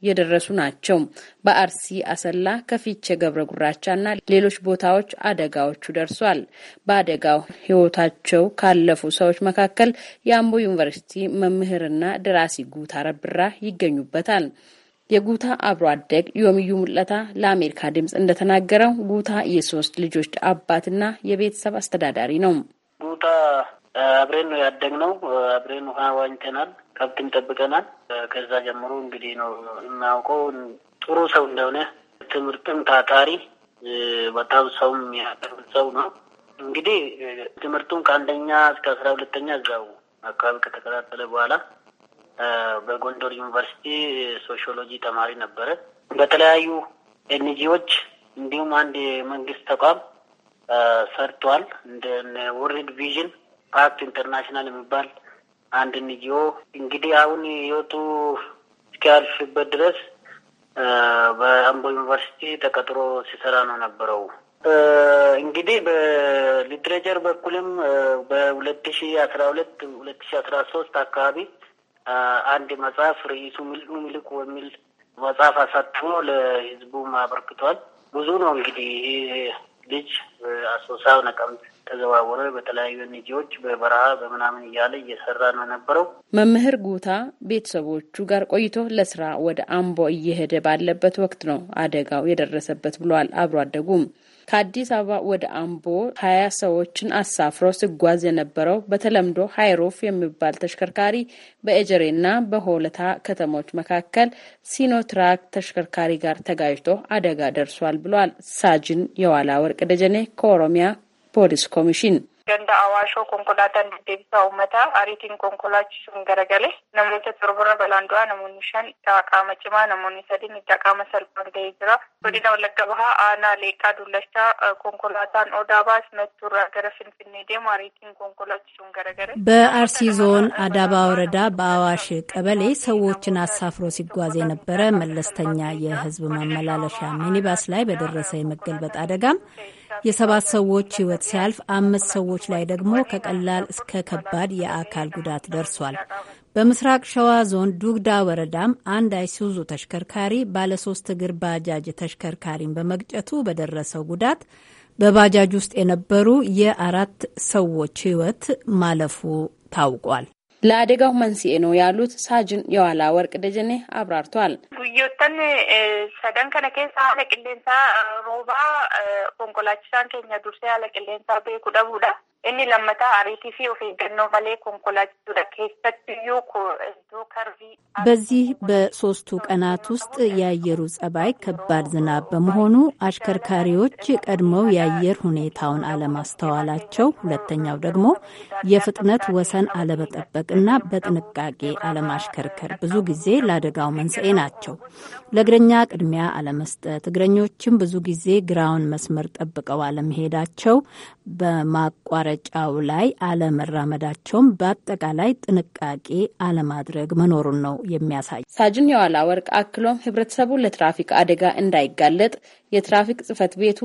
የደረሱ ናቸው። በአርሲ አሰላ፣ ከፊቼ ገብረ ጉራቻና ሌሎች ቦታዎች አደጋዎቹ ደርሷል። በአደጋው ህይወታቸው ካለፉ ሰዎች መካከል የአምቦ ዩኒቨርሲቲ መምህርና ደራሲ ጉታረብራ ይገኙበታል። የጉታ አብሮ አደግ ዮምዩ ሙለታ ለአሜሪካ ድምፅ እንደተናገረው ጉታ የሶስት ልጆች አባትና የቤተሰብ አስተዳዳሪ ነው። ጉታ አብሬን ነው ነው። አብሬን ውሃ ዋኝተናል፣ ከብትም ጠብቀናል። ከዛ ጀምሮ እንግዲህ ነው እናውቀው ጥሩ ሰው እንደሆነ ትምህርትም ታታሪ በጣም ሰውም የሚያቀርብ ሰው ነው። እንግዲህ ትምህርቱም ከአንደኛ እስከ አስራ ሁለተኛ እዛው አካባቢ ከተከታተለ በኋላ በጎንደር ዩኒቨርሲቲ ሶሺዮሎጂ ተማሪ ነበረ። በተለያዩ ኤንጂዎች እንዲሁም አንድ የመንግስት ተቋም ሰርቷል። እንደ ወርልድ ቪዥን ፓክት ኢንተርናሽናል የሚባል አንድ ኤንጂኦ እንግዲህ አሁን ህይወቱ እስኪያልፍበት ድረስ በአምቦ ዩኒቨርሲቲ ተቀጥሮ ሲሰራ ነው ነበረው። እንግዲህ በሊትሬቸር በኩልም በሁለት ሺ አስራ ሁለት ሁለት ሺ አስራ ሶስት አካባቢ አንድ መጽሐፍ ርዕሱ ምልኡ የሚል መጽሐፍ አሳትሞ ለህዝቡም አበርክቷል። ብዙ ነው እንግዲህ ይህ ልጅ አሶሳ፣ ነቀምት ተዘዋወረ። በተለያዩ ንጂዎች በበረሃ በምናምን እያለ እየሰራ ነው የነበረው። መምህር ጉታ ቤተሰቦቹ ጋር ቆይቶ ለስራ ወደ አምቦ እየሄደ ባለበት ወቅት ነው አደጋው የደረሰበት ብሏል። አብሮ አደጉም ከአዲስ አበባ ወደ አምቦ ሀያ ሰዎችን አሳፍሮ ሲጓዝ የነበረው በተለምዶ ሃይሮፍ የሚባል ተሽከርካሪ በኤጀሬና በሆለታ ከተሞች መካከል ሲኖትራክ ተሽከርካሪ ጋር ተጋጭቶ አደጋ ደርሷል ብሏል ሳጅን የዋላ ወርቅ ደጀኔ ከኦሮሚያ ፖሊስ ኮሚሽን ganda አዋሾ konkolaataan ዴብሳ uummataa ariitiin konkolaachisuun ገረገሌ namoota balaan du'aa namoonni shan ittaa qaama cimaa namoonni sadiin ittaa qaama salphaan ga'ee jira. Godina Wallagga Bahaa aanaa leeqaa dullachaa konkolaataan odaa Odaabaas mettuurraa gara Finfinnee deemu ariitiin konkolaachisuun garagara. በአርሲ ዞን አዳባ ወረዳ በአዋሽ ቀበሌ ሰዎችን አሳፍሮ ሲጓዝ የነበረ መለስተኛ የሕዝብ ማመላለሻ ሚኒባስ ላይ በደረሰ የመገልበጥ አደጋም የሰባት ሰዎች ሕይወት ሲያልፍ አምስት ሰዎች ላይ ደግሞ ከቀላል እስከ ከባድ የአካል ጉዳት ደርሷል። በምስራቅ ሸዋ ዞን ዱግዳ ወረዳም አንድ አይሱዙ ተሽከርካሪ ባለሶስት እግር ባጃጅ ተሽከርካሪን በመግጨቱ በደረሰው ጉዳት በባጃጅ ውስጥ የነበሩ የአራት ሰዎች ህይወት ማለፉ ታውቋል። ለአደጋው መንስኤ ነው ያሉት ሳጅን የዋላ ወርቅ ደጀኔ አብራርቷል። ጉዮተን ሰደን ከነ ኬሳ ሀለ ቂሌንሳ ሮባ ኮንኮላችሳን ኬኛ ዱርሴ ሀለ ቂሌንሳ ቤኩ ደቡዳ Inni lammataa ariitii fi ofii gannoo malee konkolaachisudha keessattiyyuu karbii በዚህ በሶስቱ ቀናት ውስጥ የአየሩ ጸባይ ከባድ ዝናብ በመሆኑ አሽከርካሪዎች ቀድመው የአየር ሁኔታውን አለማስተዋላቸው፣ ሁለተኛው ደግሞ የፍጥነት ወሰን አለመጠበቅና በጥንቃቄ አለማሽከርከር ብዙ ጊዜ ለአደጋው መንስኤ ናቸው። ለእግረኛ ቅድሚያ አለመስጠት፣ እግረኞችም ብዙ ጊዜ ግራውን መስመር ጠብቀው አለመሄዳቸው በማቋረ መቁረጫው ላይ አለመራመዳቸውም በአጠቃላይ ጥንቃቄ አለማድረግ መኖሩን ነው የሚያሳይ። ሳጅን የዋላ ወርቅ አክሎም ህብረተሰቡ ለትራፊክ አደጋ እንዳይጋለጥ የትራፊክ ጽህፈት ቤቱ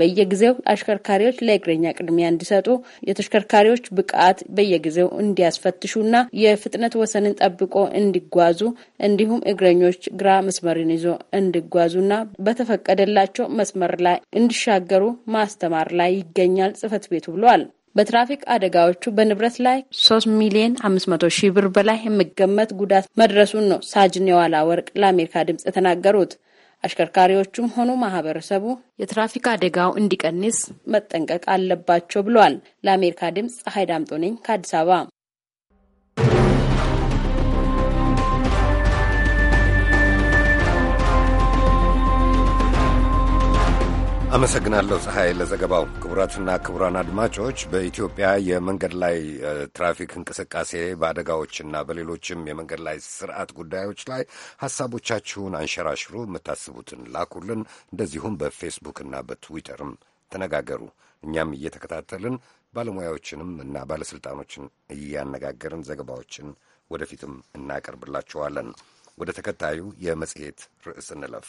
በየጊዜው አሽከርካሪዎች ለእግረኛ ቅድሚያ እንዲሰጡ የተሽከርካሪዎች ብቃት በየጊዜው እንዲያስፈትሹና የፍጥነት ወሰንን ጠብቆ እንዲጓዙ እንዲሁም እግረኞች ግራ መስመርን ይዞ እንዲጓዙና በተፈቀደላቸው መስመር ላይ እንዲሻገሩ ማስተማር ላይ ይገኛል ጽፈት ቤቱ ብለዋል። በትራፊክ አደጋዎቹ በንብረት ላይ ሶስት ሚሊዮን አምስት መቶ ሺህ ብር በላይ የሚገመት ጉዳት መድረሱን ነው ሳጅን የዋላ ወርቅ ለአሜሪካ ድምፅ የተናገሩት። አሽከርካሪዎቹም ሆኑ ማህበረሰቡ የትራፊክ አደጋው እንዲቀንስ መጠንቀቅ አለባቸው ብለዋል። ለአሜሪካ ድምፅ ፀሐይ ዳምጦ ነኝ ከአዲስ አበባ። አመሰግናለሁ ፀሐይ ለዘገባው። ክቡራትና ክቡራን አድማጮች በኢትዮጵያ የመንገድ ላይ ትራፊክ እንቅስቃሴ በአደጋዎችና በሌሎችም የመንገድ ላይ ስርዓት ጉዳዮች ላይ ሀሳቦቻችሁን አንሸራሽሩ፣ የምታስቡትን ላኩልን። እንደዚሁም በፌስቡክና በትዊተርም ተነጋገሩ። እኛም እየተከታተልን ባለሙያዎችንም እና ባለሥልጣኖችን እያነጋገርን ዘገባዎችን ወደፊትም እናቀርብላችኋለን። ወደ ተከታዩ የመጽሔት ርዕስ እንለፍ።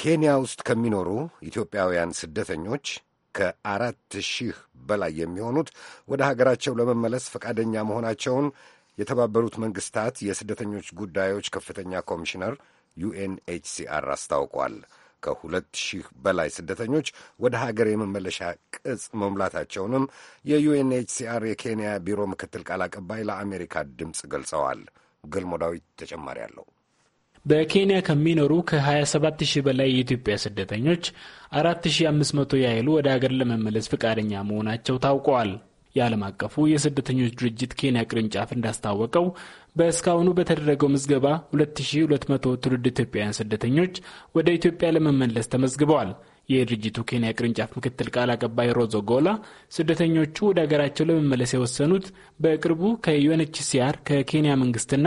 ኬንያ ውስጥ ከሚኖሩ ኢትዮጵያውያን ስደተኞች ከአራት ሺህ በላይ የሚሆኑት ወደ ሀገራቸው ለመመለስ ፈቃደኛ መሆናቸውን የተባበሩት መንግስታት የስደተኞች ጉዳዮች ከፍተኛ ኮሚሽነር ዩኤንኤችሲአር አስታውቋል። ከሁለት ሺህ በላይ ስደተኞች ወደ ሀገር የመመለሻ ቅጽ መሙላታቸውንም የዩኤንኤችሲአር የኬንያ ቢሮ ምክትል ቃል አቀባይ ለአሜሪካ ድምፅ ገልጸዋል። ገልሞ ዳዊት ተጨማሪ አለው። በኬንያ ከሚኖሩ ከ27 ሺህ በላይ የኢትዮጵያ ስደተኞች 4500 ያህሉ ወደ አገር ለመመለስ ፈቃደኛ መሆናቸው ታውቀዋል። የዓለም አቀፉ የስደተኞች ድርጅት ኬንያ ቅርንጫፍ እንዳስታወቀው በእስካሁኑ በተደረገው ምዝገባ 2200 ትውልድ ኢትዮጵያውያን ስደተኞች ወደ ኢትዮጵያ ለመመለስ ተመዝግበዋል። የድርጅቱ ኬንያ ቅርንጫፍ ምክትል ቃል አቀባይ ሮዞ ጎላ ስደተኞቹ ወደ ሀገራቸው ለመመለስ የወሰኑት በቅርቡ ከዩኤንኤችሲአር ከኬንያ መንግስትና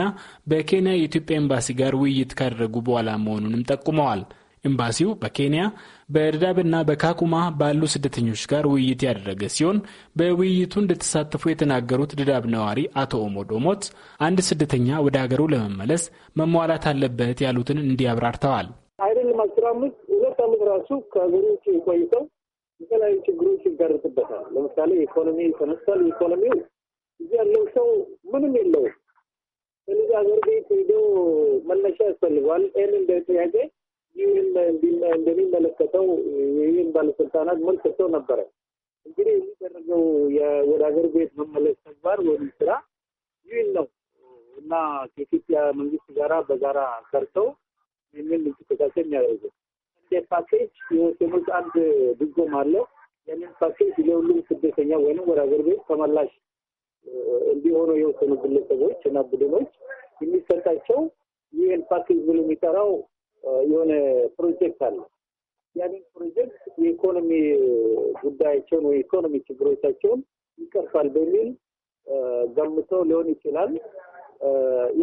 በኬንያ የኢትዮጵያ ኤምባሲ ጋር ውይይት ካደረጉ በኋላ መሆኑንም ጠቁመዋል። ኤምባሲው በኬንያ በዳዳብና በካኩማ ባሉ ስደተኞች ጋር ውይይት ያደረገ ሲሆን በውይይቱ እንደተሳተፉ የተናገሩት ድዳብ ነዋሪ አቶ ኦሞ አንድ ስደተኛ ወደ ሀገሩ ለመመለስ መሟላት አለበት ያሉትን እንዲህ አብራርተዋል። አይደለም አስራ አምስት ሲቀጥል ራሱ ከሀገር ውጭ ቆይተው የተለያዩ ችግሮች ይጋርጥበታል ለምሳሌ ኢኮኖሚ ተነስቷል። ኢኮኖሚው እዚህ ያለው ሰው ምንም የለውም። ስለዚህ ሀገር ቤት ሄዶ መነሻ ያስፈልገዋል። ይህን እንደ ጥያቄ ይህም እንደሚመለከተው ይህን ባለስልጣናት መልሰው ነበረ። እንግዲህ የሚደረገው ወደ ሀገር ቤት መመለስ ተግባር ወይም ስራ ይህን ነው እና ከኢትዮጵያ መንግስት ጋራ በጋራ ሰርተው ይህንን እንቅስቃሴ የሚያደርገው ፓኬጅ የወሰኑት አንድ ድጎም አለው። ያንን ፓኬጅ ለሁሉም ስደተኛ ወይም ወደ ሀገር ቤት ተመላሽ እንዲሆኑ የወሰኑ ግለሰቦች እና ቡድኖች የሚሰጣቸው ይህን ፓኬጅ ብሎ የሚጠራው የሆነ ፕሮጀክት አለ። ያንን ፕሮጀክት የኢኮኖሚ ጉዳያቸውን ወይ ኢኮኖሚ ችግሮቻቸውን ይቀርፋል በሚል ገምተው ሊሆን ይችላል።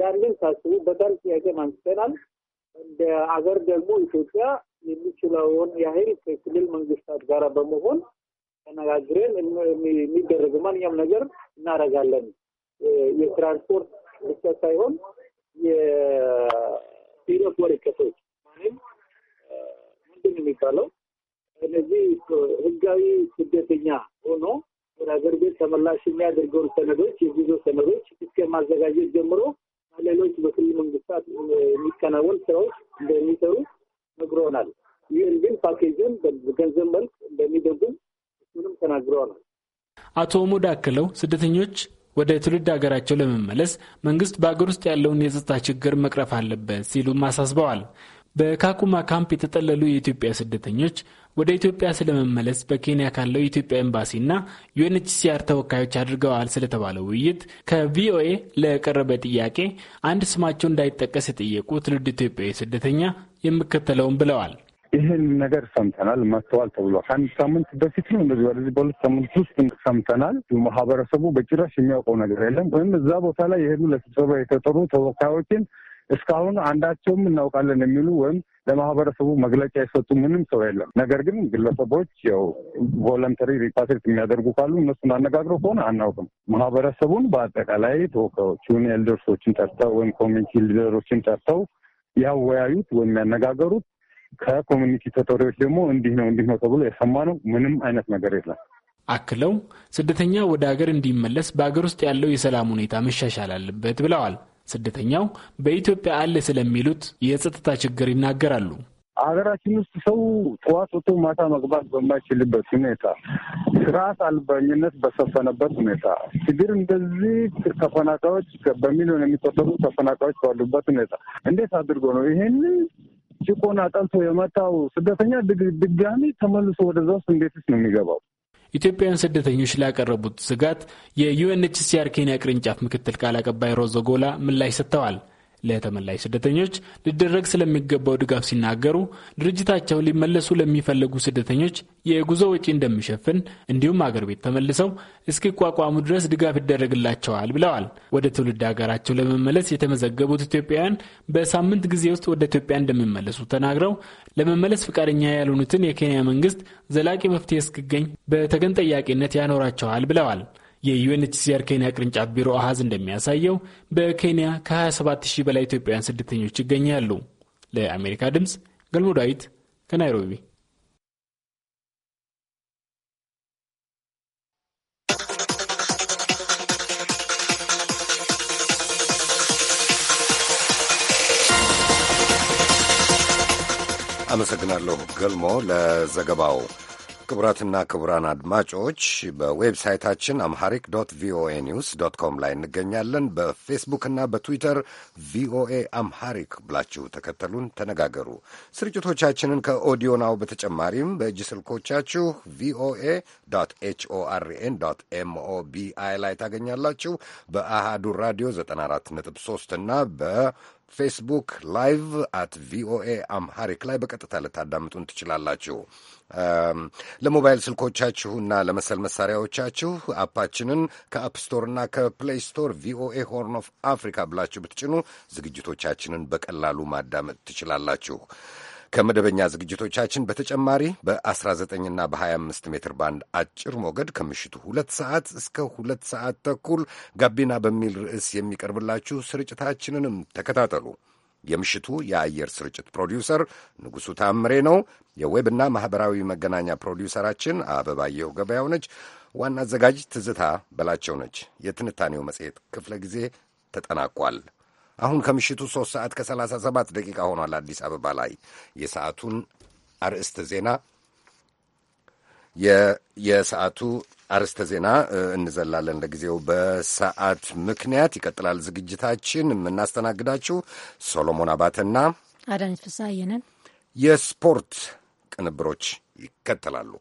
ያንን ሳስቡ በጣም ጥያቄ ማንስተናል። እንደ አገር ደግሞ ኢትዮጵያ የሚችለውን ያህል ከክልል መንግስታት ጋር በመሆን ተነጋግረን የሚደረግ ማንኛውም ነገር እናደርጋለን። የትራንስፖርት ብቻ ሳይሆን የሂደት ወረቀቶች ማንም ምንድን የሚባለው እነዚህ ህጋዊ ስደተኛ ሆኖ ወደ ሀገር ቤት ተመላሽ የሚያደርገውን ሰነዶች የጉዞ ሰነዶች እስከ ማዘጋጀት ጀምሮ ፓርላማዎች በክልል መንግስታት የሚከናወን ስራዎች እንደሚሰሩ ነግረውናል። ይህን ግን ፓኬጅን በገንዘብ መልክ እንደሚደጉም እሱንም ተናግረዋል። አቶ ሙድ አክለው ስደተኞች ወደ ትውልድ ሀገራቸው ለመመለስ መንግስት በሀገር ውስጥ ያለውን የጸጥታ ችግር መቅረፍ አለበት ሲሉም አሳስበዋል። በካኩማ ካምፕ የተጠለሉ የኢትዮጵያ ስደተኞች ወደ ኢትዮጵያ ስለመመለስ በኬንያ ካለው የኢትዮጵያ ኤምባሲና ዩኤንኤችሲአር ተወካዮች አድርገዋል ስለተባለው ውይይት ከቪኦኤ ለቀረበ ጥያቄ አንድ ስማቸው እንዳይጠቀስ የጠየቁ ትውልድ ኢትዮጵያዊ ስደተኛ የሚከተለውን ብለዋል። ይህን ነገር ሰምተናል። መጥተዋል ተብሎ አንድ ሳምንት በፊት ነው እንደዚህ ወደዚህ በሁለት ሳምንት ውስጥ ሰምተናል። ማህበረሰቡ በጭራሽ የሚያውቀው ነገር የለም። ወይም እዛ ቦታ ላይ የሄዱ ለስብሰባ የተጠሩ ተወካዮችን እስካሁን አንዳቸውም እናውቃለን የሚሉ ወይም ለማህበረሰቡ መግለጫ የሰጡ ምንም ሰው የለም። ነገር ግን ግለሰቦች ያው ቮለንተሪ ሪፓትሪት የሚያደርጉ ካሉ እነሱን አነጋግረው ከሆነ አናውቅም። ማህበረሰቡን በአጠቃላይ ተወካዮቹን፣ ኤልደርሶችን ጠርተው ወይም ኮሚኒቲ ሊደሮችን ጠርተው ያወያዩት ወይም ያነጋገሩት ከኮሚኒቲ ተጠሪዎች ደግሞ እንዲህ ነው እንዲህ ነው ተብሎ የሰማነው ምንም አይነት ነገር የለም። አክለው ስደተኛ ወደ ሀገር እንዲመለስ በሀገር ውስጥ ያለው የሰላም ሁኔታ መሻሻል አለበት ብለዋል። ስደተኛው በኢትዮጵያ አለ ስለሚሉት የጸጥታ ችግር ይናገራሉ። ሀገራችን ውስጥ ሰው ጠዋት ወጥቶ ማታ መግባት በማይችልበት ሁኔታ፣ ስርዓት አልበኝነት በሰፈነበት ሁኔታ ችግር እንደዚህ ተፈናቃዮች በሚሊዮን የሚቆጠሩ ተፈናቃዮች ባሉበት ሁኔታ እንዴት አድርጎ ነው ይሄንን ጭቆና ጠልቶ የመጣው ስደተኛ ድጋሚ ተመልሶ ወደዛ ውስጥ እንዴትስ ነው የሚገባው? ኢትዮጵያውያን ስደተኞች ላቀረቡት ስጋት የዩኤንኤችሲአር ኬንያ ቅርንጫፍ ምክትል ቃል አቀባይ ሮዞ ጎላ ምላሽ ሰጥተዋል። ለተመላሽ ስደተኞች ሊደረግ ስለሚገባው ድጋፍ ሲናገሩ ድርጅታቸው ሊመለሱ ለሚፈልጉ ስደተኞች የጉዞ ወጪ እንደሚሸፍን እንዲሁም አገር ቤት ተመልሰው እስኪቋቋሙ ድረስ ድጋፍ ይደረግላቸዋል ብለዋል። ወደ ትውልድ ሀገራቸው ለመመለስ የተመዘገቡት ኢትዮጵያውያን በሳምንት ጊዜ ውስጥ ወደ ኢትዮጵያ እንደሚመለሱ ተናግረው ለመመለስ ፈቃደኛ ያልሆኑትን የኬንያ መንግስት ዘላቂ መፍትሄ እስኪገኝ በተገን ጠያቂነት ያኖራቸዋል ብለዋል። የዩኤንኤችሲአር ኬንያ ቅርንጫፍ ቢሮ አሃዝ እንደሚያሳየው በኬንያ ከ27000 በላይ ኢትዮጵያውያን ስደተኞች ይገኛሉ። ለአሜሪካ ድምፅ ገልሞ ዳዊት ከናይሮቢ። አመሰግናለሁ ገልሞ ለዘገባው። ክቡራትና ክቡራን አድማጮች በዌብሳይታችን አምሃሪክ ዶት ቪኦኤ ኒውስ ዶት ኮም ላይ እንገኛለን። በፌስቡክና በትዊተር ቪኦኤ አምሃሪክ ብላችሁ ተከተሉን፣ ተነጋገሩ። ስርጭቶቻችንን ከኦዲዮ ናው በተጨማሪም በእጅ ስልኮቻችሁ ቪኦኤ ዶት ኤችኦአርኤን ዶት ኤምኦቢአይ ላይ ታገኛላችሁ። በአሃዱ ራዲዮ 94.3 እና በፌስቡክ ላይቭ አት ቪኦኤ አምሃሪክ ላይ በቀጥታ ልታዳምጡን ትችላላችሁ። ለሞባይል ስልኮቻችሁና ለመሰል መሳሪያዎቻችሁ አፓችንን ከአፕስቶርና ስቶርና ከፕሌይ ስቶር ቪኦኤ ሆርን ኦፍ አፍሪካ ብላችሁ ብትጭኑ ዝግጅቶቻችንን በቀላሉ ማዳመጥ ትችላላችሁ። ከመደበኛ ዝግጅቶቻችን በተጨማሪ በ19ና በ25 ሜትር ባንድ አጭር ሞገድ ከምሽቱ ሁለት ሰዓት እስከ ሁለት ሰዓት ተኩል ጋቢና በሚል ርዕስ የሚቀርብላችሁ ስርጭታችንንም ተከታተሉ። የምሽቱ የአየር ስርጭት ፕሮዲውሰር ንጉሡ ታምሬ ነው። የዌብና ማኅበራዊ መገናኛ ፕሮዲውሰራችን አበባየሁ ገበያው ነች። ዋና አዘጋጅ ትዝታ በላቸው ነች። የትንታኔው መጽሔት ክፍለ ጊዜ ተጠናቋል። አሁን ከምሽቱ ሦስት ሰዓት ከሰላሳ ሰባት ደቂቃ ሆኗል። አዲስ አበባ ላይ የሰዓቱን አርዕስተ ዜና የሰዓቱ አርስተ ዜና እንዘላለን። ለጊዜው በሰዓት ምክንያት ይቀጥላል ዝግጅታችን። የምናስተናግዳችሁ ሶሎሞን አባተና አዳነች ፍስሐዬ ነን። የስፖርት ቅንብሮች ይከተላሉ።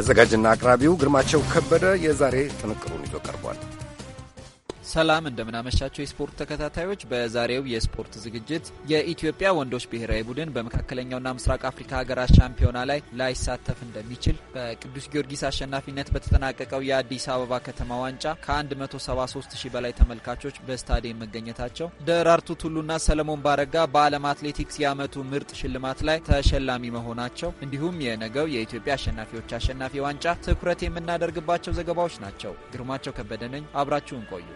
አዘጋጅና አቅራቢው ግርማቸው ከበደ የዛሬ ጥንቅሩን ይዞ ቀርቧል። ሰላም እንደምናመሻቸው የስፖርት ተከታታዮች። በዛሬው የስፖርት ዝግጅት የኢትዮጵያ ወንዶች ብሔራዊ ቡድን በመካከለኛውና ምስራቅ አፍሪካ ሀገራት ሻምፒዮና ላይ ላይሳተፍ እንደሚችል በቅዱስ ጊዮርጊስ አሸናፊነት በተጠናቀቀው የአዲስ አበባ ከተማ ዋንጫ ከ173 ሺህ በላይ ተመልካቾች በስታዲየም መገኘታቸው፣ ደራርቱ ቱሉና ሰለሞን ባረጋ በዓለም አትሌቲክስ የዓመቱ ምርጥ ሽልማት ላይ ተሸላሚ መሆናቸው፣ እንዲሁም የነገው የኢትዮጵያ አሸናፊዎች አሸናፊ ዋንጫ ትኩረት የምናደርግባቸው ዘገባዎች ናቸው። ግርማቸው ከበደ ነኝ። አብራችሁን ቆዩ።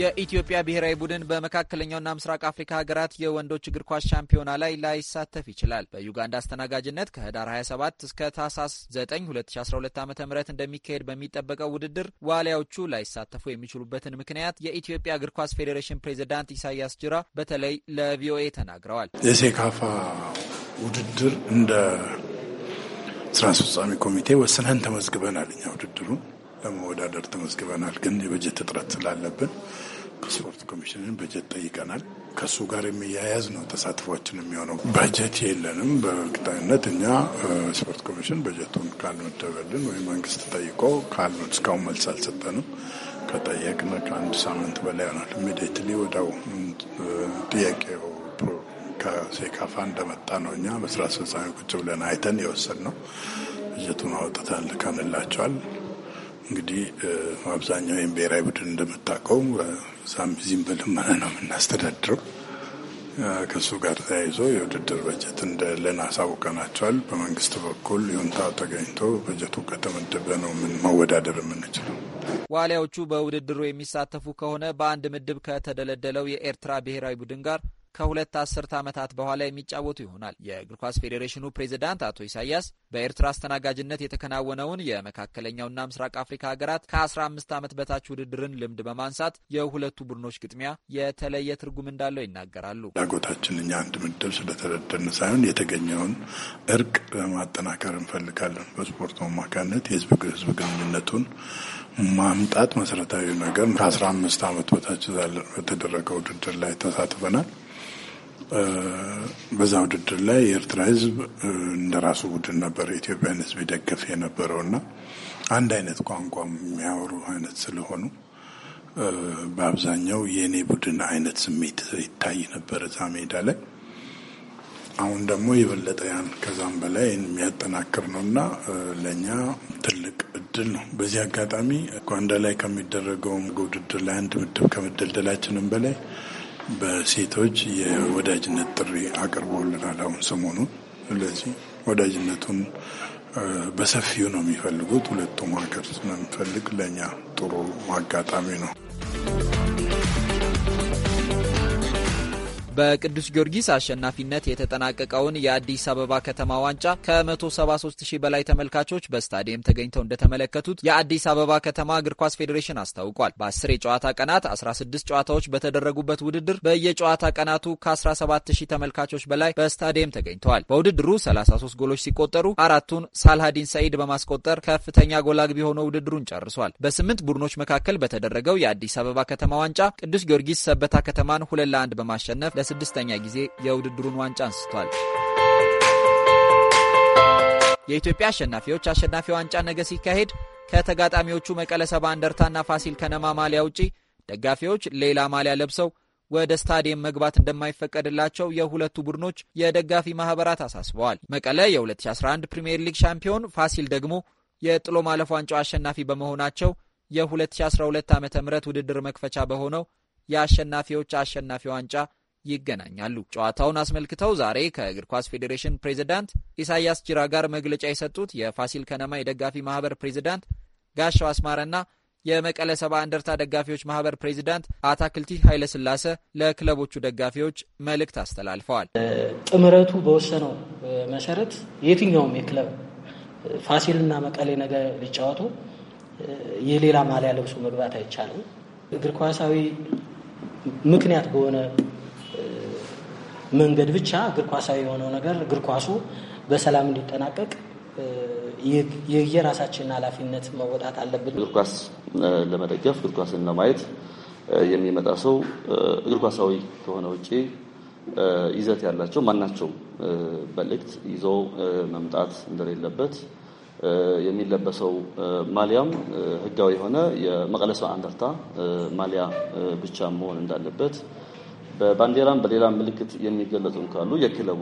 የኢትዮጵያ ብሔራዊ ቡድን በመካከለኛውና ምስራቅ አፍሪካ ሀገራት የወንዶች እግር ኳስ ሻምፒዮና ላይ ላይሳተፍ ይችላል። በዩጋንዳ አስተናጋጅነት ከህዳር 27 እስከ ታህሳስ 9 2012 ዓ ም እንደሚካሄድ በሚጠበቀው ውድድር ዋሊያዎቹ ላይሳተፉ የሚችሉበትን ምክንያት የኢትዮጵያ እግር ኳስ ፌዴሬሽን ፕሬዚዳንት ኢሳያስ ጅራ በተለይ ለቪኦኤ ተናግረዋል። የሴካፋ ውድድር እንደ ስራ አስፈጻሚ ኮሚቴ ወስነን ተመዝግበናል። እኛ ውድድሩን ለመወዳደር ተመዝግበናል። ግን የበጀት እጥረት ስላለብን ከስፖርት ኮሚሽንን በጀት ጠይቀናል። ከሱ ጋር የሚያያዝ ነው ተሳትፏችን የሚሆነው። በጀት የለንም። በእርግጠኝነት እኛ ስፖርት ኮሚሽን በጀቱን ካልመደበልን ወይም መንግስት ጠይቆ ካል እስካሁን መልስ አልሰጠንም። ከጠየቅን ከአንድ ሳምንት በላይ ሆናል። ኢሚዲየትሊ ወዲያው ጥያቄው ከሴካፋ እንደመጣ ነው እኛ በስራ አስፈጻሚ ቁጭ ብለን አይተን የወሰድ ነው። በጀቱን አውጥተን ልከንላቸዋል። እንግዲህ አብዛኛው ይህም ብሔራዊ ቡድን እንደምታውቀው እዛም እዚህም በልመና ነው የምናስተዳድረው። ከእሱ ጋር ተያይዞ የውድድር በጀት እንደለና ለን አሳውቀናቸዋል። በመንግስት በኩል ይሁንታ ተገኝቶ በጀቱ ከተመደበ ነው ምን መወዳደር የምንችለው። ዋሊያዎቹ በውድድሩ የሚሳተፉ ከሆነ በአንድ ምድብ ከተደለደለው የኤርትራ ብሔራዊ ቡድን ጋር ከሁለት አስርተ ዓመታት በኋላ የሚጫወቱ ይሆናል። የእግር ኳስ ፌዴሬሽኑ ፕሬዚዳንት አቶ ኢሳያስ በኤርትራ አስተናጋጅነት የተከናወነውን የመካከለኛውና ምስራቅ አፍሪካ ሀገራት ከ15 ዓመት በታች ውድድርን ልምድ በማንሳት የሁለቱ ቡድኖች ግጥሚያ የተለየ ትርጉም እንዳለው ይናገራሉ። ዳጎታችን እኛ አንድ ምድብ ስለተረደርን ሳይሆን የተገኘውን እርቅ ማጠናከር እንፈልጋለን። በስፖርት አማካኝነት የህዝብ ህዝብ ግንኙነቱን ማምጣት መሰረታዊ ነገር ከ15 ዓመት በታች በተደረገ ውድድር ላይ ተሳትፈናል። በዛ ውድድር ላይ የኤርትራ ህዝብ እንደ ራሱ ቡድን ነበር የኢትዮጵያን ህዝብ ይደግፍ እና አንድ አይነት ቋንቋ የሚያወሩ አይነት ስለሆኑ በአብዛኛው የእኔ ቡድን አይነት ስሜት ይታይ ነበር እዛ ሜዳ ላይ። አሁን ደግሞ የበለጠ ያን ከዛም በላይ የሚያጠናክር ነው እና ለእኛ ትልቅ እድል ነው። በዚህ አጋጣሚ ጓንዳ ላይ ከሚደረገውም ውድድር ላይ አንድ ምድብ ከመደልደላችንም በላይ በሴቶች የወዳጅነት ጥሪ አቅርቦልናል። አሁን ሰሞኑ ስለዚህ ወዳጅነቱን በሰፊው ነው የሚፈልጉት። ሁለቱም ሀገር ስለሚፈልግ ለእኛ ጥሩ አጋጣሚ ነው። በቅዱስ ጊዮርጊስ አሸናፊነት የተጠናቀቀውን የአዲስ አበባ ከተማ ዋንጫ ከ173 ሺህ በላይ ተመልካቾች በስታዲየም ተገኝተው እንደተመለከቱት የአዲስ አበባ ከተማ እግር ኳስ ፌዴሬሽን አስታውቋል። በ10 የጨዋታ ቀናት 16 ጨዋታዎች በተደረጉበት ውድድር በየጨዋታ ቀናቱ ከ17 ሺህ ተመልካቾች በላይ በስታዲየም ተገኝተዋል። በውድድሩ 33 ጎሎች ሲቆጠሩ አራቱን ሳልሃዲን ሰኢድ በማስቆጠር ከፍተኛ ጎል አግቢ ሆኖ ውድድሩን ጨርሷል። በስምንት ቡድኖች መካከል በተደረገው የአዲስ አበባ ከተማ ዋንጫ ቅዱስ ጊዮርጊስ ሰበታ ከተማን ሁለት ለአንድ በማሸነፍ ለስድስተኛ ጊዜ የውድድሩን ዋንጫ አንስቷል። የኢትዮጵያ አሸናፊዎች አሸናፊ ዋንጫ ነገ ሲካሄድ ከተጋጣሚዎቹ መቀለ ሰባ እንደርታና ፋሲል ከነማ ማሊያ ውጪ ደጋፊዎች ሌላ ማሊያ ለብሰው ወደ ስታዲየም መግባት እንደማይፈቀድላቸው የሁለቱ ቡድኖች የደጋፊ ማህበራት አሳስበዋል። መቀለ የ2011 ፕሪምየር ሊግ ሻምፒዮን፣ ፋሲል ደግሞ የጥሎ ማለፍ ዋንጫው አሸናፊ በመሆናቸው የ2012 ዓ ም ውድድር መክፈቻ በሆነው የአሸናፊዎች አሸናፊ ዋንጫ ይገናኛሉ። ጨዋታውን አስመልክተው ዛሬ ከእግር ኳስ ፌዴሬሽን ፕሬዝዳንት ኢሳያስ ጅራ ጋር መግለጫ የሰጡት የፋሲል ከነማ የደጋፊ ማህበር ፕሬዝዳንት ጋሻው አስማረና የመቀለ ሰባ እንደርታ ደጋፊዎች ማህበር ፕሬዚዳንት አታክልቲ ስላሰ ለክለቦቹ ደጋፊዎች መልእክት አስተላልፈዋል። ጥምረቱ በወሰነው መሰረት የትኛውም የክለብ ፋሲልና መቀሌ ነገ ሊጫወቱ የሌላ ማሊያ ለብሶ መግባት አይቻልም። እግር ኳሳዊ ምክንያት በሆነ መንገድ ብቻ እግር ኳሳዊ የሆነው ነገር እግር ኳሱ በሰላም እንዲጠናቀቅ የየራሳችንን ኃላፊነት መወጣት አለብን። እግር ኳስ ለመደገፍ እግር ኳስን ለማየት የሚመጣ ሰው እግር ኳሳዊ ከሆነ ውጪ ይዘት ያላቸው ማናቸው መልእክት ይዞ መምጣት እንደሌለበት የሚለበሰው ማሊያም ህጋዊ የሆነ የመቀለ ሰባ እንደርታ ማሊያ ብቻ መሆን እንዳለበት በባንዲራም በሌላ ምልክት የሚገለጹም ካሉ የክለቡ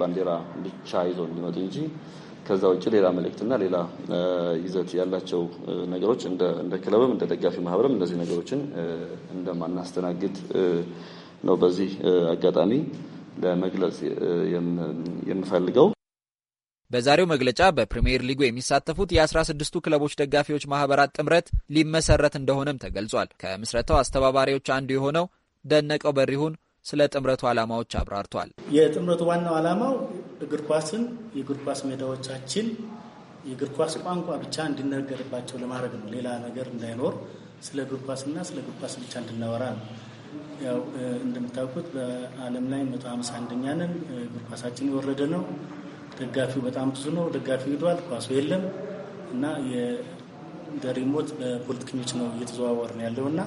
ባንዲራ ብቻ ይዘው እንዲመጡ እንጂ ከዛ ውጭ ሌላ መልእክትና ሌላ ይዘት ያላቸው ነገሮች እንደ ክለብም እንደ ደጋፊ ማህበርም እነዚህ ነገሮችን እንደማናስተናግድ ነው በዚህ አጋጣሚ ለመግለጽ የምፈልገው። በዛሬው መግለጫ በፕሪምየር ሊጉ የሚሳተፉት የ16ቱ ክለቦች ደጋፊዎች ማህበራት ጥምረት ሊመሰረት እንደሆነም ተገልጿል። ከምስረታው አስተባባሪዎች አንዱ የሆነው ደነቀው በሪሁን ስለ ጥምረቱ ዓላማዎች አብራርቷል። የጥምረቱ ዋናው ዓላማው እግር ኳስን የእግር ኳስ ሜዳዎቻችን የእግር ኳስ ቋንቋ ብቻ እንዲነገርባቸው ለማድረግ ነው። ሌላ ነገር እንዳይኖር ስለ እግር ኳስና ስለ እግር ኳስ ብቻ እንድናወራ ነው። ያው እንደምታውቁት በዓለም ላይ መቶ ሀምሳ አንደኛ ነን። እግር ኳሳችን የወረደ ነው። ደጋፊው በጣም ብዙ ነው። ደጋፊው ሂዷል፣ ኳሱ የለም እና ደሪሞት በፖለቲከኞች ነው እየተዘዋወር ነው ያለው እና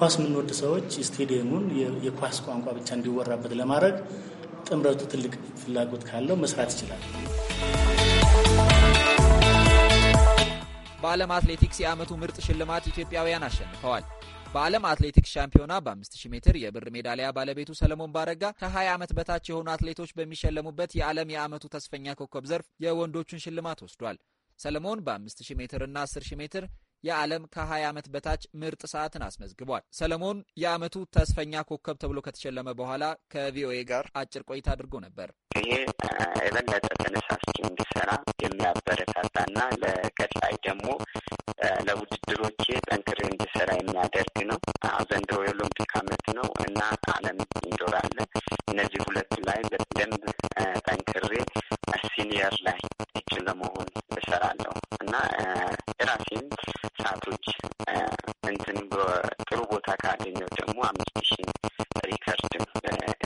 ኳስ የምንወድ ሰዎች ስቴዲየሙን የኳስ ቋንቋ ብቻ እንዲወራበት ለማድረግ ጥምረቱ ትልቅ ፍላጎት ካለው መስራት ይችላል። በዓለም አትሌቲክስ የዓመቱ ምርጥ ሽልማት ኢትዮጵያውያን አሸንፈዋል። በዓለም አትሌቲክስ ሻምፒዮና በ5000 ሜትር የብር ሜዳሊያ ባለቤቱ ሰለሞን ባረጋ ከ20 ዓመት በታች የሆኑ አትሌቶች በሚሸለሙበት የዓለም የዓመቱ ተስፈኛ ኮከብ ዘርፍ የወንዶቹን ሽልማት ወስዷል። ሰለሞን በ5000 ሜትር እና 10000 ሜትር የዓለም ከ20 ዓመት በታች ምርጥ ሰዓትን አስመዝግቧል። ሰለሞን የዓመቱ ተስፈኛ ኮከብ ተብሎ ከተሸለመ በኋላ ከቪኦኤ ጋር አጭር ቆይታ አድርጎ ነበር። ይሄ የበለጠ ተነሳስቶ እንዲሰራ የሚያበረታታና ለቀጣይ ደግሞ ለውድድሮች ጠንክሬ እንዲሰራ የሚያደርግ ነው። ዘንድሮ የኦሎምፒክ ዓመት ነው እና ዓለም እንዶራለ እነዚህ ሁለቱ ላይ በደንብ ጠንክሬ ሲኒየር ላይ እችን ለመሆን እሰራለሁ እና የራሴን ሰዓቶች እንትን ጥሩ ቦታ ካገኘው ደግሞ አምስት ሺህ ሪከርድም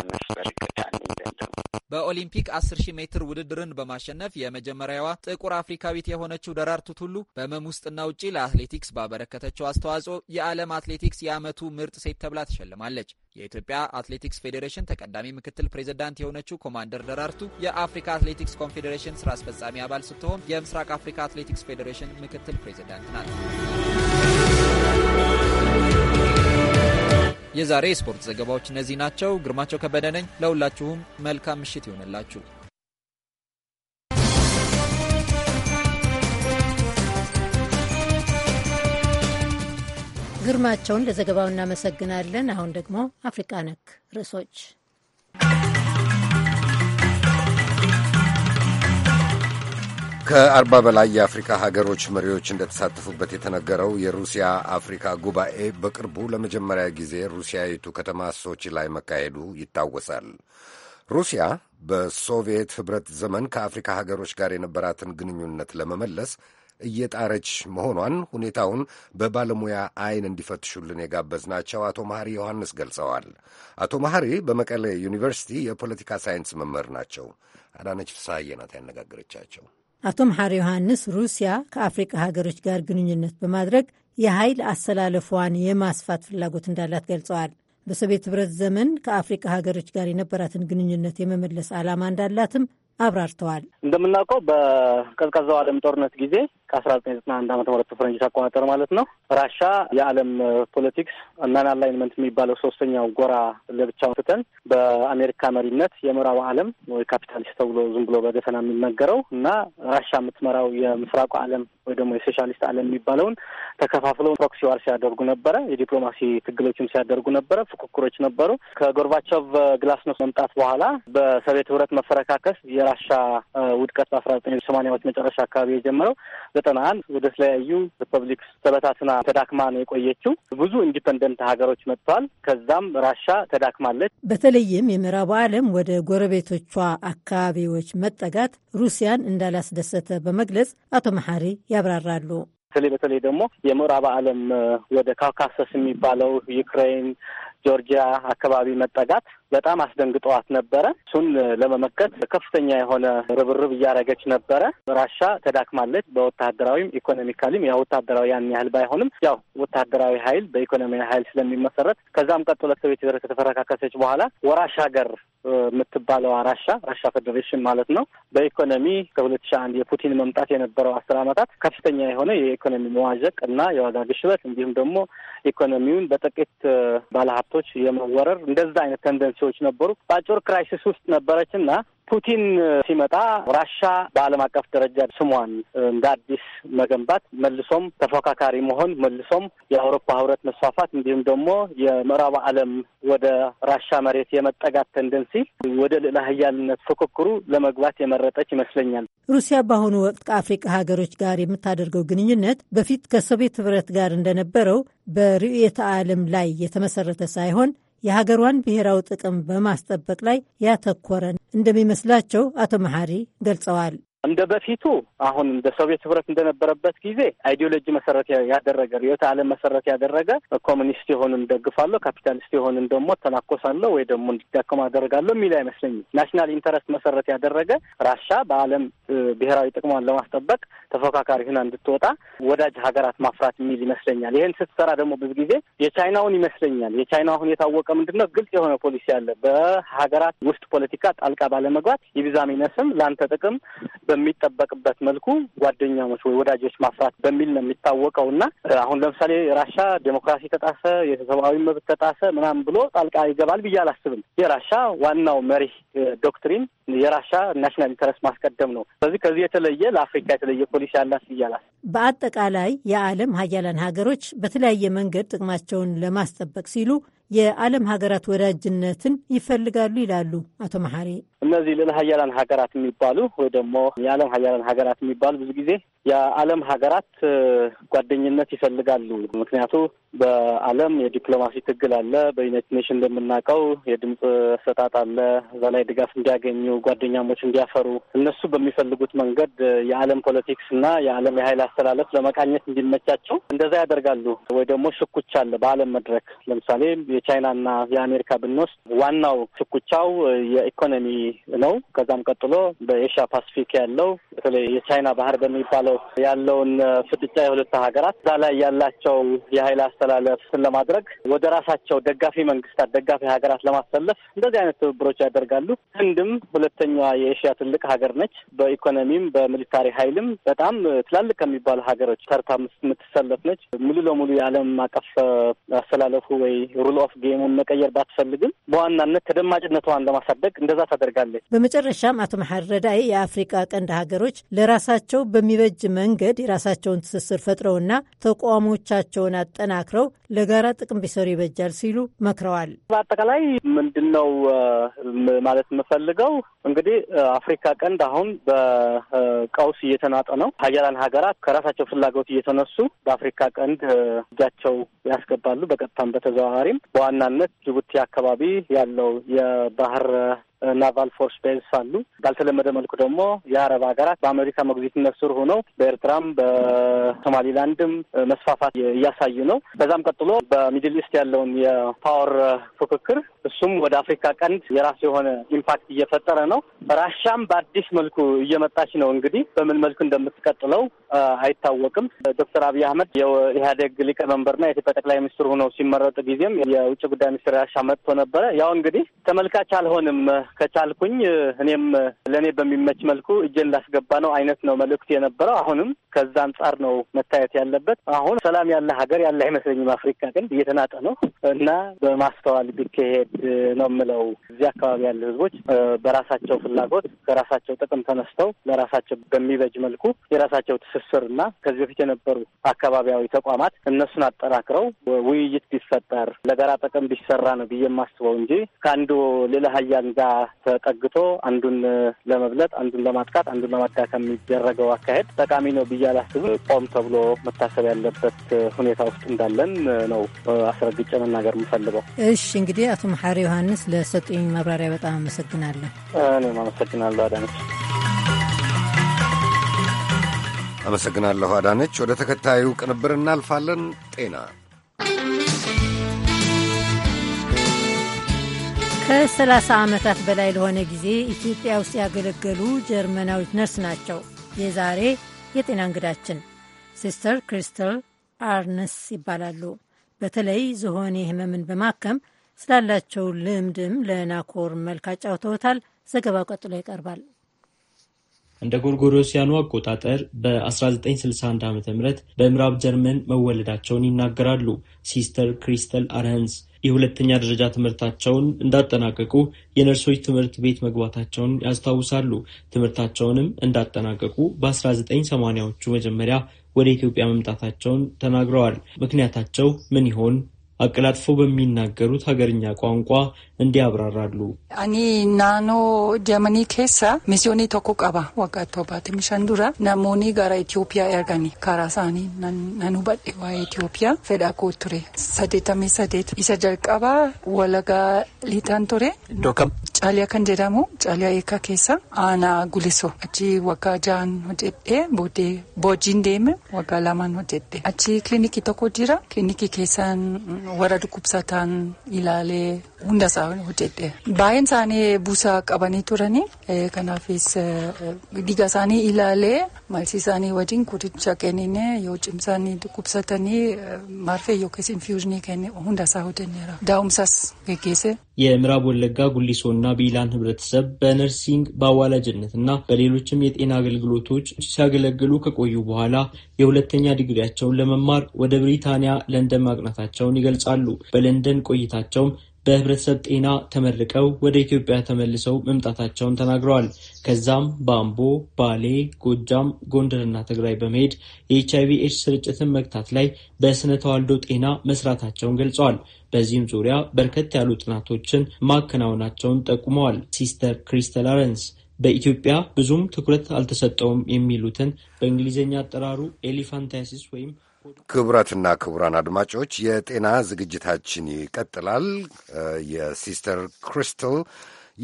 የመስበር እቅድ አለኝ ዘንድሮ። በኦሊምፒክ 10,000 ሜትር ውድድርን በማሸነፍ የመጀመሪያዋ ጥቁር አፍሪካዊት የሆነችው ደራርቱ ቱሉ በህመም ውስጥና ውጪ ለአትሌቲክስ ባበረከተችው አስተዋጽኦ የዓለም አትሌቲክስ የዓመቱ ምርጥ ሴት ተብላ ተሸልማለች። የኢትዮጵያ አትሌቲክስ ፌዴሬሽን ተቀዳሚ ምክትል ፕሬዝዳንት የሆነችው ኮማንደር ደራርቱ የአፍሪካ አትሌቲክስ ኮንፌዴሬሽን ስራ አስፈጻሚ አባል ስትሆን የምስራቅ አፍሪካ አትሌቲክስ ፌዴሬሽን ምክትል ፕሬዝዳንት ናት። የዛሬ የስፖርት ዘገባዎች እነዚህ ናቸው። ግርማቸው ከበደ ነኝ። ለሁላችሁም መልካም ምሽት ይሆንላችሁ። ግርማቸውን ለዘገባው እናመሰግናለን። አሁን ደግሞ አፍሪቃ ነክ ርዕሶች ከአርባ በላይ የአፍሪካ ሀገሮች መሪዎች እንደተሳተፉበት የተነገረው የሩሲያ አፍሪካ ጉባኤ በቅርቡ ለመጀመሪያ ጊዜ ሩሲያዊቱ ከተማ ሶቺ ላይ መካሄዱ ይታወሳል። ሩሲያ በሶቪየት ኅብረት ዘመን ከአፍሪካ ሀገሮች ጋር የነበራትን ግንኙነት ለመመለስ እየጣረች መሆኗን ሁኔታውን በባለሙያ አይን እንዲፈትሹልን የጋበዝናቸው አቶ መሐሪ ዮሐንስ ገልጸዋል። አቶ መሐሪ በመቀሌ ዩኒቨርሲቲ የፖለቲካ ሳይንስ መምህር ናቸው። አዳነች ፍስሐዬ ናት ያነጋገረቻቸው። አቶ መሐሪ ዮሐንስ ሩሲያ ከአፍሪቃ ሀገሮች ጋር ግንኙነት በማድረግ የኃይል አሰላለፏን የማስፋት ፍላጎት እንዳላት ገልጸዋል። በሶቪየት ህብረት ዘመን ከአፍሪካ ሀገሮች ጋር የነበራትን ግንኙነት የመመለስ ዓላማ እንዳላትም አብራርተዋል። እንደምናውቀው በቀዝቀዛው ዓለም ጦርነት ጊዜ ከአስራ ዘጠኝ ዘጠና አንድ ዓመተ ምህረት በፈረንጆች አቆጣጠር ማለት ነው። ራሻ የዓለም ፖለቲክስ እና አላይንመንት የሚባለው ሶስተኛው ጎራ ለብቻው ትተን በአሜሪካ መሪነት የምዕራብ ዓለም ወይ ካፒታሊስት ተብሎ ዝም ብሎ በደፈና የሚነገረው እና ራሻ የምትመራው የምስራቁ ዓለም ወይ ደግሞ የሶሻሊስት ዓለም የሚባለውን ተከፋፍለው ፕሮክሲ ዋር ሲያደርጉ ነበረ። የዲፕሎማሲ ትግሎችም ሲያደርጉ ነበረ። ፉክክሮች ነበሩ። ከጎርባቸቭ ግላስኖስ መምጣት በኋላ በሶቪየት ህብረት መፈረካከስ የራሻ ውድቀት በአስራ ዘጠኝ ሰማኒያዎች መጨረሻ አካባቢ የጀመረው ዘጠና ወደ ተለያዩ ሪፐብሊክ ተበታትና ተዳክማ ነው የቆየችው። ብዙ ኢንዲፐንደንት ሀገሮች መጥተዋል። ከዛም ራሻ ተዳክማለች። በተለይም የምዕራቡ ዓለም ወደ ጎረቤቶቿ አካባቢዎች መጠጋት ሩሲያን እንዳላስደሰተ በመግለጽ አቶ መሐሪ ያብራራሉ። በተለይ በተለይ ደግሞ የምዕራብ ዓለም ወደ ካውካሰስ የሚባለው ዩክሬን፣ ጆርጂያ አካባቢ መጠጋት በጣም አስደንግጠዋት ነበረ። እሱን ለመመከት ከፍተኛ የሆነ ርብርብ እያደረገች ነበረ። ራሻ ተዳክማለች፣ በወታደራዊም ኢኮኖሚካሊም። ያው ወታደራዊ ያን ያህል ባይሆንም ያው ወታደራዊ ኃይል በኢኮኖሚያዊ ኃይል ስለሚመሰረት ከዛም ቀጥሎ ሶቪየት ህብረት ከተፈረካከሰች በኋላ ወራሽ ሀገር የምትባለው ራሻ ራሻ ፌዴሬሽን ማለት ነው። በኢኮኖሚ ከሁለት ሺ አንድ የፑቲን መምጣት የነበረው አስር አመታት ከፍተኛ የሆነ የኢኮኖሚ መዋዠቅ እና የዋጋ ግሽበት እንዲሁም ደግሞ ኢኮኖሚውን በጥቂት ባለሀብቶች የመወረር እንደዛ አይነት ተንደንስ ሰዎች ነበሩ። በአጭር ክራይሲስ ውስጥ ነበረች እና ፑቲን ሲመጣ ራሻ በዓለም አቀፍ ደረጃ ስሟን እንደ አዲስ መገንባት መልሶም ተፎካካሪ መሆን መልሶም የአውሮፓ ህብረት መስፋፋት እንዲሁም ደግሞ የምዕራብ ዓለም ወደ ራሻ መሬት የመጠጋት ተንደንሲ ወደ ልዕለ ሀያልነት ፉክክሩ ለመግባት የመረጠች ይመስለኛል። ሩሲያ በአሁኑ ወቅት ከአፍሪካ ሀገሮች ጋር የምታደርገው ግንኙነት በፊት ከሶቪየት ህብረት ጋር እንደነበረው በርዕዮተ ዓለም ላይ የተመሰረተ ሳይሆን የሀገሯን ብሔራዊ ጥቅም በማስጠበቅ ላይ ያተኮረን እንደሚመስላቸው አቶ መሐሪ ገልጸዋል። እንደ በፊቱ አሁን እንደ ሶቪየት ህብረት እንደነበረበት ጊዜ አይዲዮሎጂ መሰረት ያደረገ ርዕዮተ ዓለም መሰረት ያደረገ ኮሚኒስት የሆኑን ደግፋለሁ፣ ካፒታሊስት የሆኑን ደግሞ ተናኮሳለሁ ወይ ደግሞ እንዲዳከሙ አደርጋለሁ የሚል አይመስለኝም። ናሽናል ኢንተረስት መሰረት ያደረገ ራሻ በዓለም ብሔራዊ ጥቅሟን ለማስጠበቅ ተፎካካሪ ሁና እንድትወጣ ወዳጅ ሀገራት ማፍራት የሚል ይመስለኛል። ይህን ስትሰራ ደግሞ ብዙ ጊዜ የቻይናውን ይመስለኛል። የቻይና አሁን የታወቀ ምንድን ነው ግልጽ የሆነ ፖሊሲ አለ። በሀገራት ውስጥ ፖለቲካ ጣልቃ ባለመግባት ይብዛም ይነስም ለአንተ ጥቅም በሚጠበቅበት መልኩ ጓደኛሞች ወይ ወዳጆች ማፍራት በሚል ነው የሚታወቀው እና አሁን ለምሳሌ ራሻ ዴሞክራሲ ተጣሰ፣ የሰብአዊ መብት ተጣሰ ምናምን ብሎ ጣልቃ ይገባል ብዬ አላስብም። የራሻ ዋናው መሪ ዶክትሪን የራሻ ናሽናል ኢንተረስት ማስቀደም ነው። ስለዚህ ከዚህ የተለየ ለአፍሪካ የተለየ ፖሊሲ ያላት ብያላል። በአጠቃላይ የዓለም ሀያላን ሀገሮች በተለያየ መንገድ ጥቅማቸውን ለማስጠበቅ ሲሉ የዓለም ሀገራት ወዳጅነትን ይፈልጋሉ ይላሉ አቶ መሐሪ። እነዚህ ልዕለ ሀያላን ሀገራት የሚባሉ ወይ ደግሞ የዓለም ሀያላን ሀገራት የሚባሉ ብዙ ጊዜ የዓለም ሀገራት ጓደኝነት ይፈልጋሉ። ምክንያቱ በዓለም የዲፕሎማሲ ትግል አለ። በዩናይትድ ኔሽን እንደምናውቀው የድምፅ አሰጣጥ አለ። እዛ ላይ ድጋፍ እንዲያገኙ ጓደኛሞች እንዲያፈሩ እነሱ በሚፈልጉት መንገድ የዓለም ፖለቲክስ እና የዓለም የኃይል አስተላለፍ ለመቃኘት እንዲመቻቸው እንደዛ ያደርጋሉ። ወይ ደግሞ ሽኩቻ አለ በዓለም መድረክ ለምሳሌ የቻይናና የአሜሪካ ብንወስድ ዋናው ሽኩቻው የኢኮኖሚ ነው። ከዛም ቀጥሎ በኤሽያ ፓስፊክ ያለው በተለይ የቻይና ባህር በሚባለው ያለውን ፍጥጫ የሁለት ሀገራት እዛ ላይ ያላቸው የኃይል ማስተላለፍን ለማድረግ ወደ ራሳቸው ደጋፊ መንግስታት፣ ደጋፊ ሀገራት ለማሰለፍ እንደዚህ አይነት ትብብሮች ያደርጋሉ። ህንድም ሁለተኛዋ የኤሽያ ትልቅ ሀገር ነች። በኢኮኖሚም በሚሊታሪ ኃይልም በጣም ትላልቅ ከሚባሉ ሀገሮች ተርታ የምትሰለፍ ነች። ሙሉ ለሙሉ የዓለም አቀፍ አስተላለፉ ወይ ሩል ኦፍ ጌሙን መቀየር ባትፈልግም በዋናነት ተደማጭነቷን ለማሳደግ እንደዛ ታደርጋለች። በመጨረሻም አቶ መሐሪ ረዳይ የአፍሪቃ ቀንድ ሀገሮች ለራሳቸው በሚበጅ መንገድ የራሳቸውን ትስስር ፈጥረውና ተቋሞቻቸውን አጠናክረው ተመካክረው ለጋራ ጥቅም ቢሰሩ ይበጃል ሲሉ መክረዋል። በአጠቃላይ ምንድን ነው ማለት የምፈልገው እንግዲህ አፍሪካ ቀንድ አሁን በቀውስ እየተናጠ ነው። ሀያላን ሀገራት ከራሳቸው ፍላጎት እየተነሱ በአፍሪካ ቀንድ እጃቸው ያስገባሉ። በቀጥታም በተዘዋዋሪም በዋናነት ጅቡቲ አካባቢ ያለው የባህር ናቫል ፎርስ ቤዝ አሉ። ባልተለመደ መልኩ ደግሞ የአረብ ሀገራት በአሜሪካ ሞግዚትነት ስር ሆነው በኤርትራም በሶማሊላንድም መስፋፋት እያሳዩ ነው። ከዛም ቀጥሎ በሚድል ኢስት ያለውን የፓወር ፉክክር እሱም ወደ አፍሪካ ቀንድ የራሱ የሆነ ኢምፓክት እየፈጠረ ነው። ራሻም በአዲስ መልኩ እየመጣች ነው። እንግዲህ በምን መልኩ እንደምትቀጥለው አይታወቅም። ዶክተር አብይ አህመድ የኢህአዴግ ሊቀመንበርና የኢትዮጵያ ጠቅላይ ሚኒስትር ሆነው ሲመረጡ ጊዜም የውጭ ጉዳይ ሚኒስትር ራሻ መጥቶ ነበረ። ያው እንግዲህ ተመልካች አልሆንም ከቻልኩኝ እኔም ለእኔ በሚመች መልኩ እጄን ላስገባ ነው አይነት ነው መልእክት የነበረው። አሁንም ከዛ አንጻር ነው መታየት ያለበት። አሁን ሰላም ያለ ሀገር ያለ አይመስለኝም። አፍሪካ ግን እየተናጠ ነው እና በማስተዋል ቢካሄድ ነው የምለው። እዚህ አካባቢ ያለ ህዝቦች በራሳቸው ፍላጎት ከራሳቸው ጥቅም ተነስተው ለራሳቸው በሚበጅ መልኩ የራሳቸው ትስስር እና ከዚህ በፊት የነበሩ አካባቢያዊ ተቋማት እነሱን አጠናክረው ውይይት ቢፈጠር ለጋራ ጥቅም ቢሰራ ነው ብዬ የማስበው እንጂ ከአንዱ ሌላ ሀያን ጋር ተጠግቶ አንዱን ለመብለጥ፣ አንዱን ለማጥቃት፣ አንዱን ለማዳከም የሚደረገው አካሄድ ጠቃሚ ነው ብዬ አላስብም። ቆም ተብሎ መታሰብ ያለበት ሁኔታ ውስጥ እንዳለን ነው አስረግጬ መናገር የምፈልገው። እሺ እንግዲህ አቶ መሐሪ ዮሐንስ ለሰጡኝ ማብራሪያ በጣም አመሰግናለሁ። እኔም አመሰግናለሁ አዳነች። አመሰግናለሁ አዳነች። ወደ ተከታዩ ቅንብር እናልፋለን። ጤና ከ30 ዓመታት በላይ ለሆነ ጊዜ ኢትዮጵያ ውስጥ ያገለገሉ ጀርመናዊት ነርስ ናቸው የዛሬ የጤና እንግዳችን። ሲስተር ክሪስተል አርነስ ይባላሉ። በተለይ ዝሆኔ ህመምን በማከም ስላላቸው ልምድም ለናኮር መልካ ጫውተውታል። ዘገባው ቀጥሎ ይቀርባል። እንደ ጎርጎሮሲያኑ አቆጣጠር በ1961 ዓ ም በምዕራብ ጀርመን መወለዳቸውን ይናገራሉ ሲስተር ክሪስተል አረንስ። የሁለተኛ ደረጃ ትምህርታቸውን እንዳጠናቀቁ የነርሶች ትምህርት ቤት መግባታቸውን ያስታውሳሉ። ትምህርታቸውንም እንዳጠናቀቁ በ1980ዎቹ መጀመሪያ ወደ ኢትዮጵያ መምጣታቸውን ተናግረዋል። ምክንያታቸው ምን ይሆን Aqlaatifuu bammiin naggaruutti agarinyaa qwanqwaa indi abraharlu. Ani naannoo Jaamanii keessa. Miisonni tokko qaba waggaa tobaati. Mishandura namoonni gara Itoophiyaa erganii karaa isaanii na naannoo baadiyyaa waayee Itoophiyaa fedhaa kootu ture. Saddeeta miidh isa jalqabaa walagaa lixan ture. Caaliyaa kan jedhamu caaliyaa eekaa keessa aanaa gulisoo achi waggaa ja'an hojjedhee booddee boojiin deeme waggaa lamaan hojjedhee achi kilinikii tokko jira kilinikii keessaan wara dukubsataan ilaalee hunda isaa hojjedhee baay'een saanii buusaa qabanii turanii e, kanaafis e, dhiiga isaanii ilaalee malsii isaanii wajjin kudicha kennine yoo cimsaanii dhukkubsatanii e, marfee yookiis infuuzinii kenne hunda isaa hojjenneera daa'umsas geggeesse. የምዕራብ ወለጋ ጉሊሶና ቢላን ህብረተሰብ በነርሲንግ በአዋላጅነትና በሌሎችም የጤና አገልግሎቶች ሲያገለግሉ ከቆዩ በኋላ የሁለተኛ ዲግሪያቸውን ለመማር ወደ ብሪታንያ ለንደን ማቅናታቸውን ይገልጻሉ። በለንደን ቆይታቸውም በህብረተሰብ ጤና ተመርቀው ወደ ኢትዮጵያ ተመልሰው መምጣታቸውን ተናግረዋል። ከዛም በአምቦ፣ ባሌ፣ ጎጃም፣ ጎንደርና ትግራይ በመሄድ የኤች አይቪ ኤድስ ስርጭትን መግታት ላይ በስነ ተዋልዶ ጤና መስራታቸውን ገልጸዋል። በዚህም ዙሪያ በርከት ያሉ ጥናቶችን ማከናወናቸውን ጠቁመዋል። ሲስተር ክሪስተል አረንስ በኢትዮጵያ ብዙም ትኩረት አልተሰጠውም የሚሉትን በእንግሊዝኛ አጠራሩ ኤሊፋንታይሲስ ወይም ክቡራትና ክቡራን አድማጮች የጤና ዝግጅታችን ይቀጥላል። የሲስተር ክሪስትል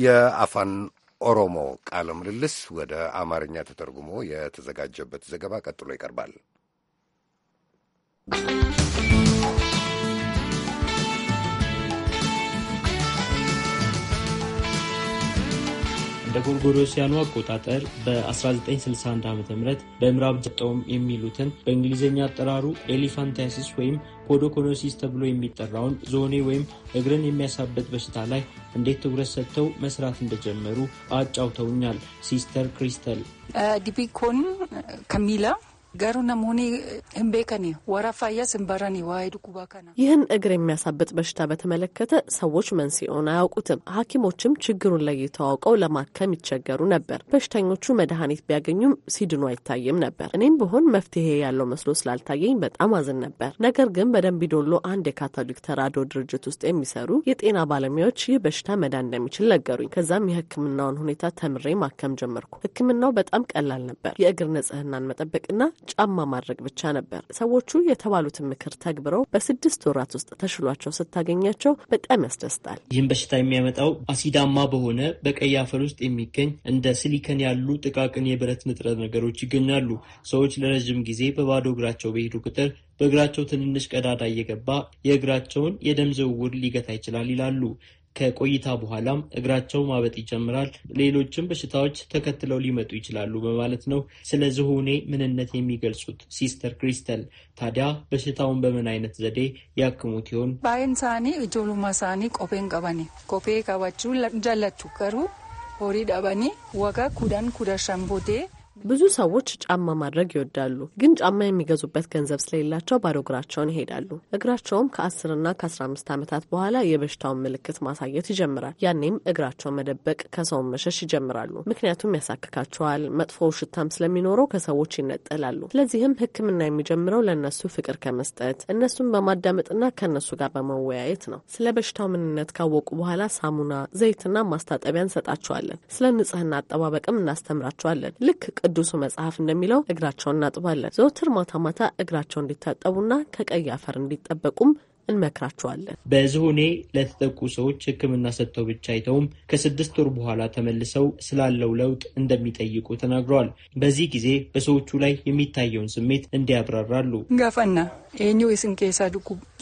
የአፋን ኦሮሞ ቃለ ምልልስ ወደ አማርኛ ተተርጉሞ የተዘጋጀበት ዘገባ ቀጥሎ ይቀርባል። እንደ ጎርጎሮሲያኑ አቆጣጠር በ1961 ዓ ም በምዕራብ ጀጦም የሚሉትን በእንግሊዝኛ አጠራሩ ኤሊፋንታይሲስ ወይም ፖዶኮኖሲስ ተብሎ የሚጠራውን ዞኔ ወይም እግርን የሚያሳበጥ በሽታ ላይ እንዴት ትኩረት ሰጥተው መስራት እንደጀመሩ አጫውተውኛል ሲስተር ክሪስተል ዲቢኮን ከሚለው ገሩ warra fayyaas hin ህንበረኒ waa'ee ጉባ kana. ይህን እግር የሚያሳብጥ በሽታ በተመለከተ ሰዎች መንስኤውን አያውቁትም። ሐኪሞችም ችግሩን ለይተው አውቀው ለማከም ይቸገሩ ነበር። በሽተኞቹ መድኃኒት ቢያገኙም ሲድኑ አይታይም ነበር። እኔም ብሆን መፍትሄ ያለው መስሎ ስላልታየኝ በጣም አዝን ነበር። ነገር ግን በደንቢዶሎ አንድ የካቶሊክ ተራድኦ ድርጅት ውስጥ የሚሰሩ የጤና ባለሙያዎች ይህ በሽታ መዳን እንደሚችል ነገሩኝ። ከዛም የህክምናውን ሁኔታ ተምሬ ማከም ጀመርኩ። ህክምናው በጣም ቀላል ነበር። የእግር ንጽህናን መጠበቅና ጫማ ማድረግ ብቻ ነበር። ሰዎቹ የተባሉትን ምክር ተግብረው በስድስት ወራት ውስጥ ተሽሏቸው ስታገኛቸው በጣም ያስደስታል። ይህም በሽታ የሚያመጣው አሲዳማ በሆነ በቀይ አፈር ውስጥ የሚገኝ እንደ ሲሊከን ያሉ ጥቃቅን የብረት ንጥረ ነገሮች ይገኛሉ። ሰዎች ለረዥም ጊዜ በባዶ እግራቸው በሄዱ ቁጥር በእግራቸው ትንንሽ ቀዳዳ እየገባ የእግራቸውን የደም ዝውውር ሊገታ ይችላል ይላሉ። ከቆይታ በኋላም እግራቸው ማበጥ ይጀምራል። ሌሎችም በሽታዎች ተከትለው ሊመጡ ይችላሉ በማለት ነው ስለ ዝሆኔ ምንነት የሚገልጹት ሲስተር ክሪስተል። ታዲያ በሽታውን በምን አይነት ዘዴ ያክሙት ይሆን? ባይን ሳኒ እጆሉማ ሳኒ ቆፔን ቀባኒ ቆፔ ቀባችሁ ጀለቱ ቀሩ ሆሪ ዳባኒ ወጋ ኩዳን ኩዳ ሸንቦቴ ብዙ ሰዎች ጫማ ማድረግ ይወዳሉ፣ ግን ጫማ የሚገዙበት ገንዘብ ስለሌላቸው ባዶ እግራቸውን ይሄዳሉ። እግራቸውም ከአስርና ከአስራ አምስት ዓመታት በኋላ የበሽታውን ምልክት ማሳየት ይጀምራል። ያኔም እግራቸውን መደበቅ፣ ከሰውን መሸሽ ይጀምራሉ። ምክንያቱም ያሳክካቸዋል፣ መጥፎ ሽታም ስለሚኖረው ከሰዎች ይነጠላሉ። ስለዚህም ሕክምና የሚጀምረው ለእነሱ ፍቅር ከመስጠት እነሱን በማዳመጥና ከእነሱ ጋር በመወያየት ነው። ስለ በሽታው ምንነት ካወቁ በኋላ ሳሙና፣ ዘይትና ማስታጠቢያ እንሰጣቸዋለን። ስለ ንጽህና አጠባበቅም እናስተምራቸዋለን ልክ ቅዱሱ መጽሐፍ እንደሚለው እግራቸውን እናጥባለን። ዘወትር ማታ ማታ እግራቸው እንዲታጠቡና ከቀይ አፈር እንዲጠበቁም እንመክራቸዋለን። በዝሆኔ ለተጠቁ ሰዎች ሕክምና ሰጥተው ብቻ አይተውም ከስድስት ወር በኋላ ተመልሰው ስላለው ለውጥ እንደሚጠይቁ ተናግረዋል። በዚህ ጊዜ በሰዎቹ ላይ የሚታየውን ስሜት እንዲያብራራሉ። እንጋፈና ኙ ስን ኬሳ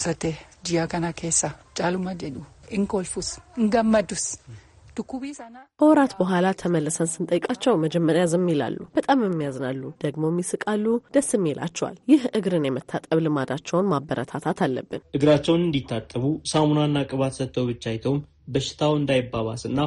ሰቴ ጂያ ከና ኬሳ ጫሉማ ጀዱ እንኮልፉስ እንጋማዱስ ከወራት በኋላ ተመልሰን ስንጠይቃቸው መጀመሪያ ዝም ይላሉ። በጣም የሚያዝናሉ፣ ደግሞም ይስቃሉ፣ ደስም ይላቸዋል። ይህ እግርን የመታጠብ ልማዳቸውን ማበረታታት አለብን። እግራቸውን እንዲታጠቡ ሳሙናና ቅባት ሰጥተው ብቻ አይተውም በሽታው እንዳይባባስና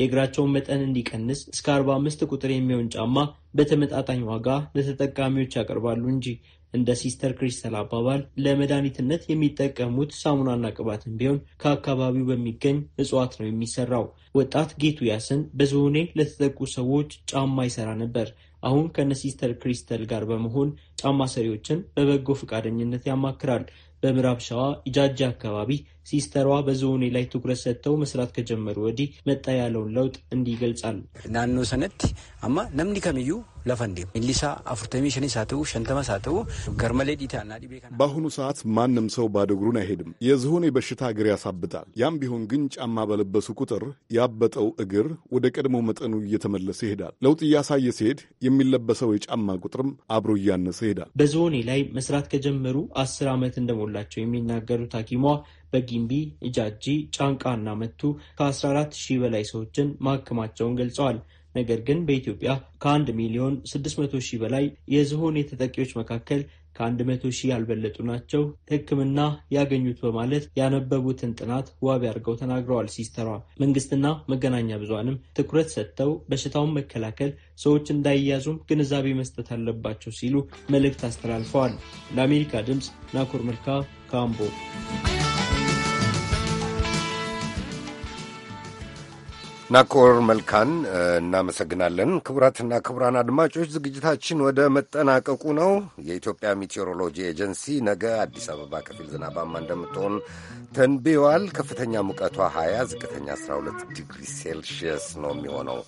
የእግራቸውን መጠን እንዲቀንስ እስከ አምስት ቁጥር የሚሆን ጫማ በተመጣጣኝ ዋጋ ለተጠቃሚዎች ያቀርባሉ እንጂ እንደ ሲስተር ክሪስተል አባባል ለመድኃኒትነት የሚጠቀሙት ሳሙናና ቅባትን ቢሆን ከአካባቢው በሚገኝ እጽዋት ነው የሚሰራው። ወጣት ጌቱ ያስን በዞኔ ለተጠቁ ሰዎች ጫማ ይሰራ ነበር። አሁን ከነ ሲስተር ክሪስተል ጋር በመሆን ጫማ ሰሪዎችን በበጎ ፈቃደኝነት ያማክራል። በምዕራብ ሸዋ ኢጃጂ አካባቢ ሲስተሯ በዞኔ ላይ ትኩረት ሰጥተው መስራት ከጀመሩ ወዲህ መጣ ያለውን ለውጥ እንዲህ ይገልጻሉ። ናኖ ሰነት አማ ነምኒ ከምዩ ለፈንዴ ሚሊሳ ሳትው ሳትው ገርመሌ ዲታና በአሁኑ ሰዓት ማንም ሰው ባዶ እግሩን አይሄድም። የዝሆኔ በሽታ እግር ያሳብጣል። ያም ቢሆን ግን ጫማ በለበሱ ቁጥር ያበጠው እግር ወደ ቀድሞ መጠኑ እየተመለሰ ይሄዳል። ለውጥ እያሳየ ሲሄድ የሚለበሰው የጫማ ቁጥርም አብሮ እያነሰ ይሄዳል። በዝሆኔ ላይ መስራት ከጀመሩ አስር ዓመት እንደሞላቸው የሚናገሩት ሐኪሟ በጊምቢ እጃጂ፣ እና መቱ ከ14 ሺህ በላይ ሰዎችን ማከማቸውን ገልጸዋል። ነገር ግን በኢትዮጵያ ከአንድ ሚሊዮን 600 ሺህ በላይ የዝሆን ተጠቂዎች መካከል ከ መቶ ሺህ ያልበለጡ ናቸው ሕክምና ያገኙት በማለት ያነበቡትን ጥናት ዋቢ አድርገው ተናግረዋል። ሲስተሯ መንግስትና መገናኛ ብዙሃንም ትኩረት ሰጥተው በሽታውን መከላከል፣ ሰዎች እንዳይያዙም ግንዛቤ መስጠት አለባቸው ሲሉ መልእክት አስተላልፈዋል። ለአሜሪካ ድምፅ ናኮር መልካ ካምቦ ናኮር መልካን እናመሰግናለን። ክቡራትና ክቡራን አድማጮች ዝግጅታችን ወደ መጠናቀቁ ነው። የኢትዮጵያ ሜቴሮሎጂ ኤጀንሲ ነገ አዲስ አበባ ከፊል ዝናባማ እንደምትሆን ተንብየዋል። ከፍተኛ ሙቀቷ 20፣ ዝቅተኛ 12 ዲግሪ ሴልሺየስ ነው የሚሆነው።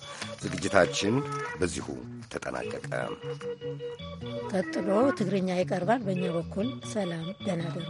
ዝግጅታችን በዚሁ ተጠናቀቀ። ቀጥሎ ትግርኛ ይቀርባል። በእኛ በኩል ሰላም፣ ደህና ደሩ።